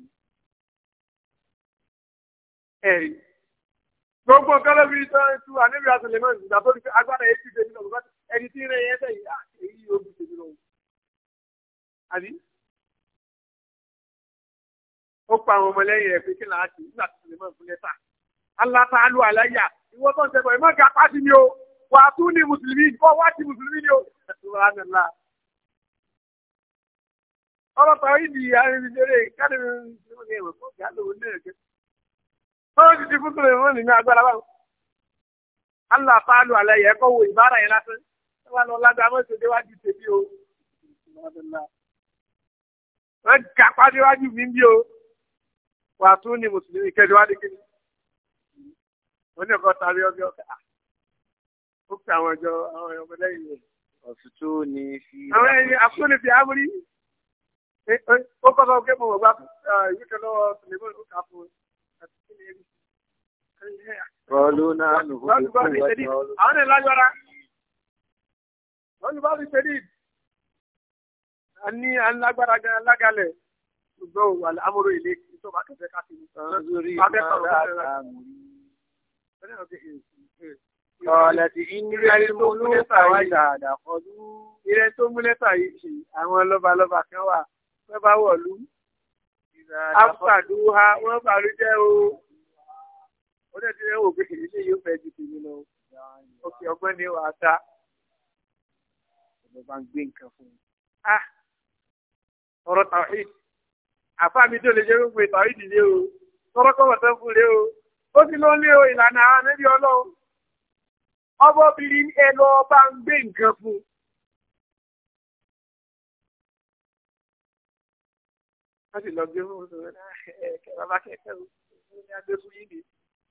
ẹ̀rí gbogbo nǹkan lóbìnrin tó ń tu àníbi àtìlẹ́ náà ìgbà tó ń fi agbára etí tèmi lọ́wọ́ ẹni tí ń rẹ̀ yẹn sẹ́yìn ah, èyí yóò bí tèmi lọ́wọ́ àbí ó pa àwọn ọmọlẹ́yìn rẹ̀ pé kí là á ti nígbà tó lè mọ̀ fún lẹ́tà aláta alú tó ń sẹ́kọ̀ọ́ ìmọ̀ pàṣẹ ni o wàá tún ní mùsùlùmí bọ́ wá ti mùsùlùmí ni o. ọlọ́pàá yìí di arìnrìnjẹ́rẹ́ káàdì mi ní wọ́n ní ẹ̀wọ̀n fún ìyá lòun náà Allah fáálù alẹ́ yẹ kó wo ìbára yẹn lásán. wọ́n lọ lágbá mọ́ ìṣèjọ́ wájú tèmi o. wọ́n gà pàdé wájú mi bí o. wàá tún ní mùsùlùmí kẹ́ni wá ní kíni. ní ọkọ̀ tàbí ọbẹ̀ ọkọ̀ ó pe àwọn ẹjọ́ àwọn ẹ̀yọ́ ọmọlẹ́yìn rẹ̀. ọ̀sùtú ni fi. àwọn ẹ̀yìn àkókò lè fi àmúrí. ó kọ́kọ́ pé mo wà ìwé lọ́wọ́ suleman ó kà fún Rọ̀lú náà nù fún mi fún ìwádìí. Àwọn ẹ̀ lágbára. Rọ̀lú bá fi ṣe ní. A ní alágbára gan alágalẹ̀ ṣùgbọ́n òwò àmúrò ilé ìjọba kẹfẹ́ káfíńsì. Sọ́nà lórí ìmọ̀ Ọ̀lẹ̀tì ìnírí arímọ́nú ṣàwádà ọdún. Ilé tó mú lẹ́tà yìí ṣì àwọn lọ́balọ́ba kan wà tó bá wọ̀lú. Afàdúhá wọ́n bàrú jẹ́ o. Ó dẹ̀ ti rẹ́wò pé kìí ṣe yóò fẹ́ ju tèmi lọ. Òkè ọgbọ́n ni wàá ta. Ọ̀dọ̀ bá ń gbé nǹkan fún mi. Ah! Ọ̀rọ̀ tàwíìd. Àfá mi tó lè jẹ́ gbogbo ìtàwíìd lé o. Tọ́rọ́kọ̀ wọ̀tẹ́ fún lé o. Ó sì ló ń lé o ìlànà àwọn ẹbí ọmọbìnrin ẹ lọ bá ń gbé nǹkan fún un. wọ́n sì lọ gbé fún un ah, bàbá kẹ́kẹ́ o ní adé fún yìí ni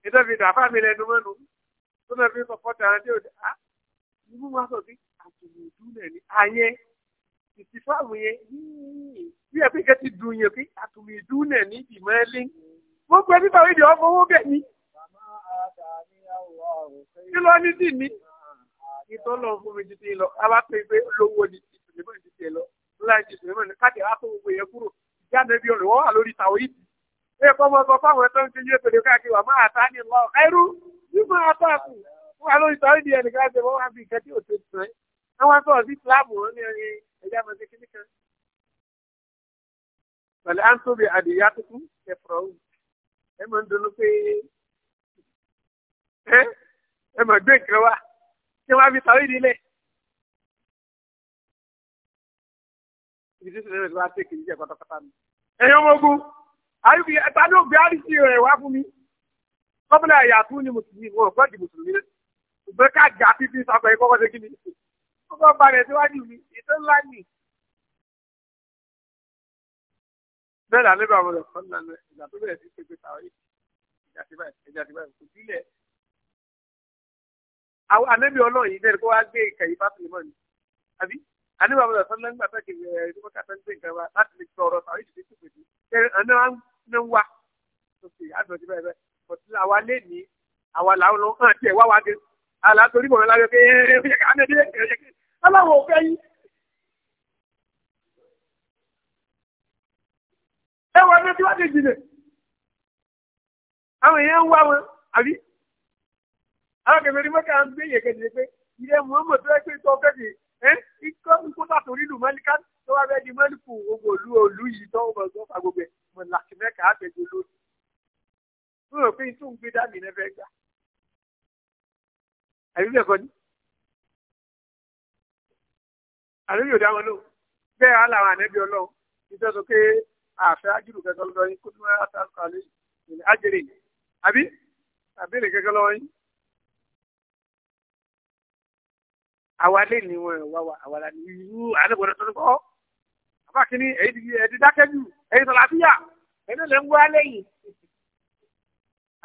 nítorí fi dàfà mi lẹnu mẹ́nu tó náà fi sọ̀pọ̀ tàn án dé òde á ah, ìlú wa sọ pé àtùnú ìdúlẹ̀ ni ayẹ ìtì fáwọn yẹn bí ẹ pé kẹ́ ti dùn yẹn pé àtùnú ìdúlẹ̀ ní ìmọ̀ẹ́lẹ́ gbogbo ẹbí báwo ni ọmọ owó bẹ̀ ni kí ló ní dì mí ìtọ́lọ̀ fún mi títí lọ a bá pè pé olówó ni ìsìnlẹ̀mọ̀ ti tiẹ̀ lọ láì ti ìsìnlẹ̀mọ̀ ní káàdì àpò gbogbo yẹn kúrò jáde bí olùwọ́ wà lórí tàwọn yìí ẹ kọ́ mọ́ sọ fáwọn ẹ̀tọ́ ń ṣe yé pèlè káàkiri wà máa ta ni lọ ẹrú nígbà àtàkù wà lórí tàwọn yìí ẹnìkan ṣe wọ́n wá fi ìkẹ́ tí ò ti sàn sọ̀rọ̀ sí ìsìláàmù wọn ní ẹni ẹ̀yà mọ̀tí kíní ẹ máa ń dunnú pé ẹ ẹ mọ̀ gbé nǹkan wá kí wọ́n á fi sàwé nílẹ̀. ìdílé ìṣẹ̀lẹ̀ ló wá tẹ̀ kì í jẹ́ pátápátá mi. ẹ̀yin ọmọ ogun àyùkì ẹ̀ta ló gbé àríṣì rẹ̀ wá fún mi. kọ́bùnà ẹ̀yà tún ni mùsùlùmí wọn ò gbọ́dì mùsùlùmí ṣùgbọ́n ká jà fífi sàpẹ̀ ìkọ́kọ́ ṣe kí ni. kókó balẹ̀ síwájú mi ètò ńlá nì. bẹ́ẹ̀ ni àlébà wọn lọ sọ́nà ìgbà tó bẹ̀rẹ̀ sí pé pé tàwọn ìjà ti báyìí ànábì ọlọ́run yìí dẹ́rẹ́ kó wá gbé ìkà yìí fásitì mọ́ ni àbí ànábì àwọn ọ̀sán lẹ́gbàá fẹ́kì ẹ̀ẹ́dẹ́gbẹ́ kàtà ń gbé nǹkan wa láti lè sọ ọ̀rọ̀ sàwọn ìdílé tó pèsè àná ń wá òkè àdùnnàjì bẹ́ẹ̀ bẹ́ẹ̀ bọ̀tí àwa lè ní àwa làwọn lọ hàn tiẹ̀ wá wá dé àlà torí bọ̀ lálẹ́ pé aláwọ̀ òfẹ́ yìí ẹ wọ ẹgbẹ́ tí wọ́n ti jìnnà àwọn èèyàn ń wá wọn àbí àwọn kẹfẹ́ rí mọ́kà ń gbé yẹ̀kẹ́ ní pé ilé muhammadu ẹ pé tó kẹ́kẹ́ ẹ ikọ́ ikú tàtó nílùú mọ́líkà tó wá bẹ́ẹ̀ di mọ́líkù gbogbo olú olú yìí tó wọ́n gbọ́ fà gbogbo ẹ̀ mọ̀ làkì mẹ́ka àtẹ̀jọ lórí. n ò pé tó ń gbé dání ní ẹfẹ́ gbà. àbí bẹ́ẹ̀ kọ́ ni. àbí yóò dá wọn lò bẹ́ẹ̀ á làwọn ànẹ́bí ọlọ́run ìtọ́sọ pé àfẹ́ ájúlù kẹ́kọ́ lọ́dọ̀ yín kó tún wá àtàkùn àlẹ́ àjẹrè àbí àbí àwa lè ní wọn wá wa àwa la ní irú àdébọ̀dé tó ń bọ̀ àbá kínní ẹ̀dí dákẹ́jù ẹ̀dí sọ̀làfíà ẹ̀dí lè ń wá lẹ́yìn.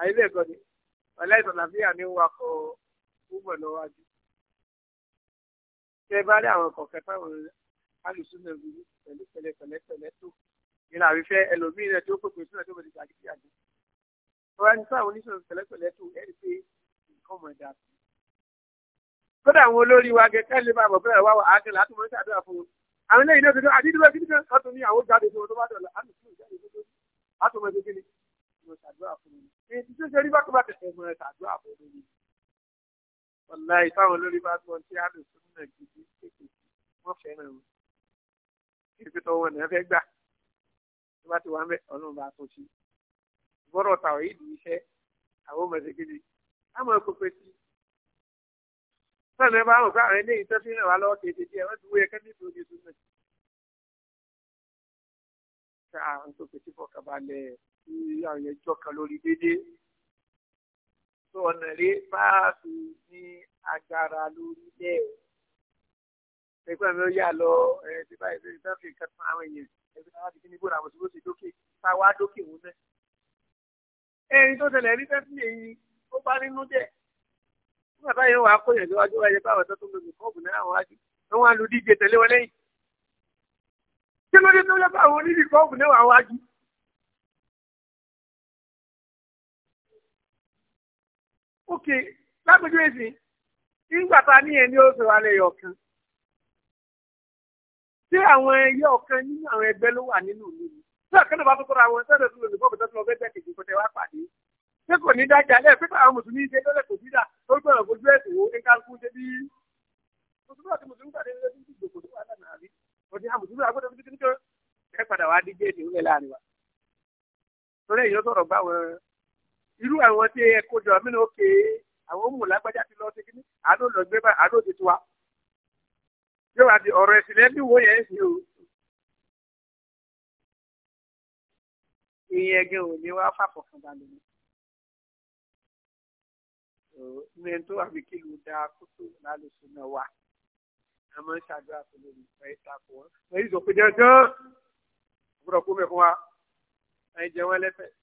àyẹ̀lẹ̀ ẹ̀kọ́ ni ọ̀lẹ́ ìsọ̀làfíà ni wà kọ́ púpọ̀ lọ́wọ́jú. tẹ́ bá rí àwọn kọ̀ọ̀kẹ́ táwọn alùsùn náà wí pẹ̀lú pẹ̀lẹ́pẹ̀lẹ́pẹ̀lẹ́ tó ìlà àrífẹ́ ẹlòmíín rẹ̀ tó pèpè sínú ẹ̀ tó bẹ̀rẹ̀ kódà àwọn olórí wa gẹ́gẹ́ lè máa bọ̀ fún ẹ̀wá àti látùmọ̀ ń ṣàdúrà fún wọn. àwọn eléyìí náà tuntun àdídúró kí nìkan wọ́n tún ní àwọn jáde fún wọn tó bá dọ̀la àmì fún ìjáde tó tóbi látùmọ̀ tó kíni wọn ṣàdúrà fún wọn. èyí tó ṣe rí bá tó bá tẹ̀sẹ̀ mọ́ ẹ ṣàdúrà fún wọn ni. ọ̀la ìtàwọn olórí bá tó ọtí àlù sínú náà gidi kékeré wọ́n fẹ́ràn wọn. kí náà ní ẹ bá rò pé àwọn eléyìí tó fi rìn wá lọ́wọ́ kéde díẹ̀ wọ́n ti wúyẹ kẹ́mí ìlú ojú tó náà. ká àwọn tó fetí fọkànbalẹ̀ tí àwọn yẹn jọ́kan lórí déédéé. tó ọ̀nà rí báàfì ní agbára lórí lẹ̀. ẹgbẹ́ mi ó yà lọ ẹ̀ tí báyìí lórí sáfì kan fún nígbà báyìí wàá kó yẹn lọ́wọ́ wáyé báwọn tó tó lòdì fọ́ọ̀bù náà wọ́n wájú wọ́n wá lu díje tẹ̀lé wọn lẹ́yìn. kí ló dé tó lọ́ báwọn onídìí fọ́ọ̀bù náà wà wájú. ok lágbèjú èsì nígbà tá a ní ẹni ó sọ̀rọ̀ alẹ́ yọ̀ kan ṣé àwọn ẹyẹ ọ̀kan nínú àwọn ẹgbẹ́ ló wà nínú ìlú yìí. tí àkànnà bá tó kọ́ra àwọn sẹ́dọ̀ tó lòdì fọ́ọ̀bù tó lọ fẹ́ bẹ́ẹ̀ pé kò ní dájà lẹ́ẹ̀ pé káwọn mùsùlùmí ṣe lọ́lẹ̀ kò sí dà ó gbọ́dọ̀ fojú ẹ̀sìn wo ní kálukú ṣe bí. mùsùlùmí àti mùsùlùmí pàdé ló ti gbogbo tó wà lánàá rí òdi àwọn mùsùlùmí àgbọ̀dọ̀ fi kíkọ́ ẹ padà wá díje èdè ńlẹ̀ láàrin wa. torí èyí ó sọ̀rọ̀ bá wọn irú àwọn tí ẹ kó jọ mí ní òkè àwọn mú lágbájá ti lọ sí kíní àánú lọ gbé báyìí àánú ti tu wa. yóò wá di ọ̀rọ̀ ẹ̀sìn lẹ́bí wo o. ìyẹn gẹ̀ ò ní wá fàfọ̀ fún balùwẹ̀ ní ẹni tó wà bí kí ló da kótó lálùsùn náà wà a máa ń ṣàdúrà fún lórí ìfẹ́ ìtakò wọn wọ́n yìí sọ pé dandan gbọ́dọ̀ kó mẹ́fún wa ẹ̀yìn jẹ wọ́n lẹ́fẹ̀ẹ́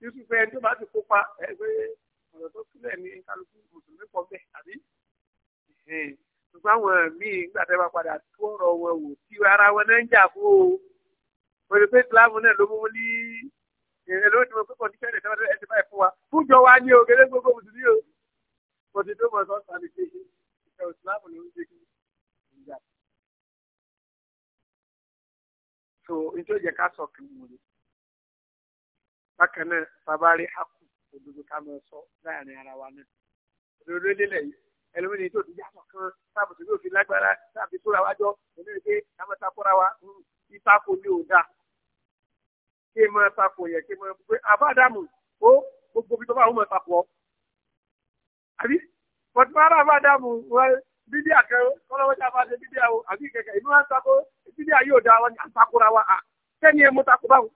yíṣu pé ẹni tó bá ti kópa ẹgbẹ́ ọ̀rọ̀ tó sílẹ̀ ní kálukú mùsùlùmí pọ̀ bẹ́ẹ̀ àbí ṣùgbọ́n àwọn míì nígbà tẹ́ bá padà tó ọ̀rọ̀ wọn wò tí ara wọn náà ń jà fún o òrùpé ìsìlámù èrè ló ní mo pé kọ̀ǹdíṣẹ́ rẹ̀ tẹ́wọ́n ẹ̀sìn fún wa fúnjọ wa ní ògèrè gbogbo mùsùlùmí o mo ti tó mọ̀ sọ́ sàmì pé ìṣe òsìláàmù ló ń ṣe kí ìjà. so nítorí jẹ́ ká sọ kí n wòlé bákan náà bàbá rí àkù òdodo ká mọ̀ sọ láàrin ara wa náà òdodo lélẹ̀ yìí ẹlòmínì tó ti yàtọ̀ kan sábùsùn yóò fi lágbára sábì tó ra wájọ́ òní kí ẹ máa takò yẹn kí ẹ máa gbé àbádàmù ó gbogbo ibi tó bá wọn máa takò ọ. àbí bọ̀dé máa rà àbádàmù wọn bíbí àkẹ́ kọ́lọ́wọ́sí àbáṣe bíbí àwọn àbí kẹ̀kẹ́ ìlú máa ń takò bíbí àyè òde àwọn ni àtakòra wa kẹ́ni ẹ mú takò báwọn.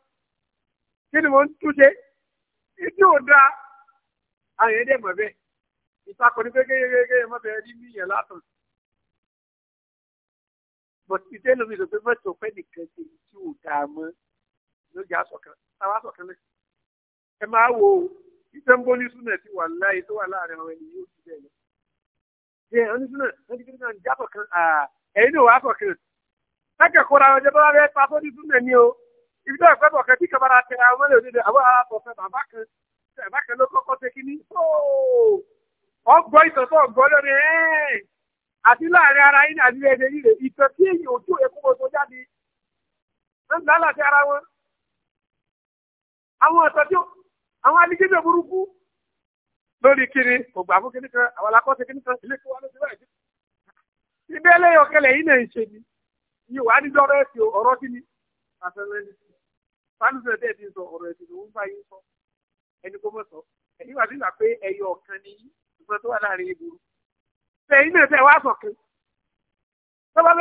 kí ni mo ń túnṣe ìdí òde àwọn ẹ̀dẹ̀ mọ̀ bẹ́ẹ̀ ìtakò ní kékeré mọ̀ bẹ́ẹ̀ rí mí yẹn látàn bọ̀t ìdẹ́lómi ló fẹ́ mọ̀tò fẹ́ nìkan ṣe tí ò dáa mọ́ ló jẹ́ àsọ̀kan táwa àsọ̀kan lẹ̀. ẹ máa wo iṣẹ́ ń bó ní súnà tí wà láyé tó wà láàrin àwọn ẹni yóò ti bẹ́ẹ̀ lọ. ṣé ẹ ní súnà ẹ ti kí náà jẹ́ àsọ̀kan ẹ̀yin náà wà àsọ̀kan. lẹ́kẹ̀ẹ́ kóra àwọn ọjọ́ bá wà fẹ́ pa fún ní súnà ni o ibi tó ẹ̀fẹ́ bọ̀ kan tí kàbára tẹ àwọn ọmọlẹ́ òdìdẹ àwọn àpọ̀fẹ́ bàbá kan bàbá kan ló kọ́kọ́ ṣe kí ni. ọgbọ́ ìtàn tó ọgbọ́ lórí ẹ̀ àti láàrin ara yín àti ẹ̀dẹ̀ yìí rè ìtàn tí èyí ò tó èkó mọ́tò jáde. wọ́n ń dá láti ara wọn. àwọn ìtọ́jú àwọn aligédè burúkú lórí kiri kò gbà fún kíníkan àwọn alákọ̀ọ́sẹ̀ kíníkan ilé ló ti yìí náà ń ṣe ni wàá ẹ̀sìn ọ̀rọ̀ kí ni bá yín sọ ẹni kó mọ̀ sọ ẹ̀yìn wà nígbà pé ẹyọ ọ̀kan ni ìfẹ́ tó wà láàrin ìgboro ẹ̀yìn náà tẹ̀ wá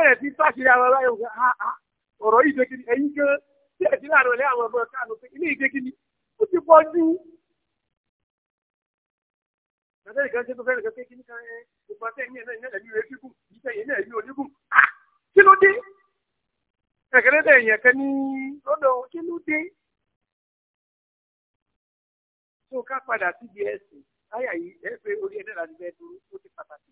bẹ̀rẹ̀ sí ẹ̀jí láàárọ̀ ilé àwọn ọmọ káàánú pé ilé ìgbé kí ni ó ti pọ̀ jù. ṣe tó kí ẹ gbogbo rẹ̀ Kí ló dé? yẹn kẹ́ ní lọ́dọ̀ kí ló dé? Tó ká padà ẹ̀sìn, yìí ẹ orí dúró ó ti pàtàkì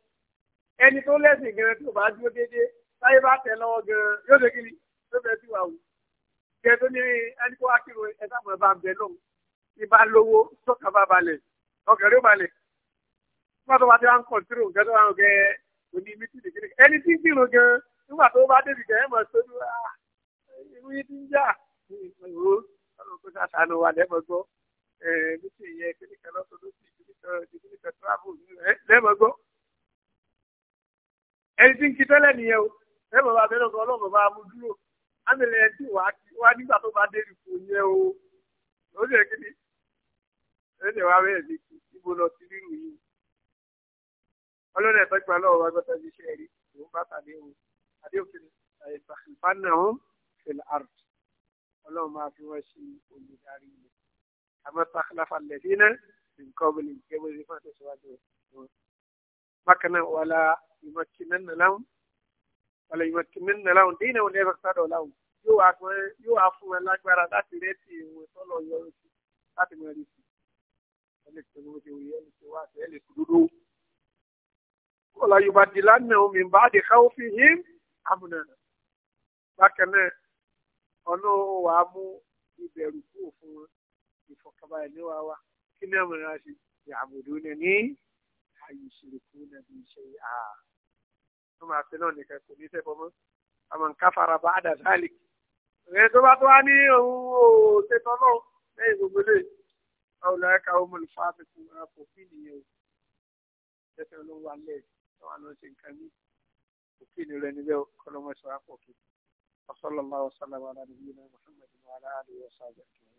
ẹni tó lẹ́sìn gan tí ò bá dúró déédéé táyé bá tẹ̀ lọ́wọ́ gan yóò dé kiri tó fẹ́ sí wa wò kẹ tó ní ẹni tó wá kírun ẹ sábà bá bẹ lọ ní bá lówó sọ́kà bá balẹ̀ ọkàn rẹ̀ ó balẹ̀ nígbà tó bá ti wá ń kọ̀ntírò nǹkan tó wà ń gẹ òní mi tìlì kiri ẹni tí ń kírun gan nígbà tó bá débi gan ẹ mọ̀ sódú ah, irú yìí ti ń jà ìwò ọlọ́run tó ṣàṣàánú wa lẹ́mọ̀ lẹ́mọ̀ gbọ́ ẹni tí ń kí tẹ́lẹ̀ nìyẹn o ẹ bàbá abẹ́rẹ́ ọkọ ọlọ́run bàbá mú dúró ámìlẹ̀ ẹni tí wàá ti wá nígbà tó bá dé ìfò yẹn o ó lè kí ni ó lè wá bẹ́ẹ̀ ní kí ibo lọ sí rírù yìí ọlọ́run ẹ̀tọ́ gba lọ́wọ́ wa gbọ́dọ̀ ní iṣẹ́ rí òun bá tàbí òun àdé òfin ìfàkìfánà òun fìlà ọlọ́run máa fi wọ́n ṣe olùdarí ilẹ̀ àmọ́ sàkàlàfà lẹ́sìn náà nǹkan ọ̀gbìn ìjẹ́wọ́ ìfọ̀tẹ̀síwájú wọn bákan náà wàlá ìmọ̀kìnnà láwọn wàlá ìmọ̀kìnnà láwọn dín náà ní ẹ̀fọ́ sádọ̀ láwọn yóò wá fún ẹ yóò wá fún ẹ lágbára láti rẹ́tì ìwọ̀n tọ́lọ̀ yọrọ sí láti mọ ẹrí sí ẹ lè tẹnu ojú ìwé ẹ lè tẹ wá àti ẹ lè tó dúró. kọ́lá yorùbá di lánàá omi bá de káwọ́ fi yín amúnà bákan náà ọ̀nà wà á mú ìbẹ̀rù kúrò fún wọn ìfọ̀kànbalẹ̀ ní wàá wà kí ni àmọ̀ràn àṣẹ ìyàbòdò náà يشركون بي شيئا ثم أرسلون لك كنيسة بمو فمن كفر بعد ذلك غير تبعتواني هو تتنو ليس بلي أولئك هم الفاسقون أفوفين يوم تتنو عليه سواء كنيسة وكيل لنبيه كل ما سواء وكيل وصلى الله وسلم على نبينا محمد وعلى آله وصحبه أجمعين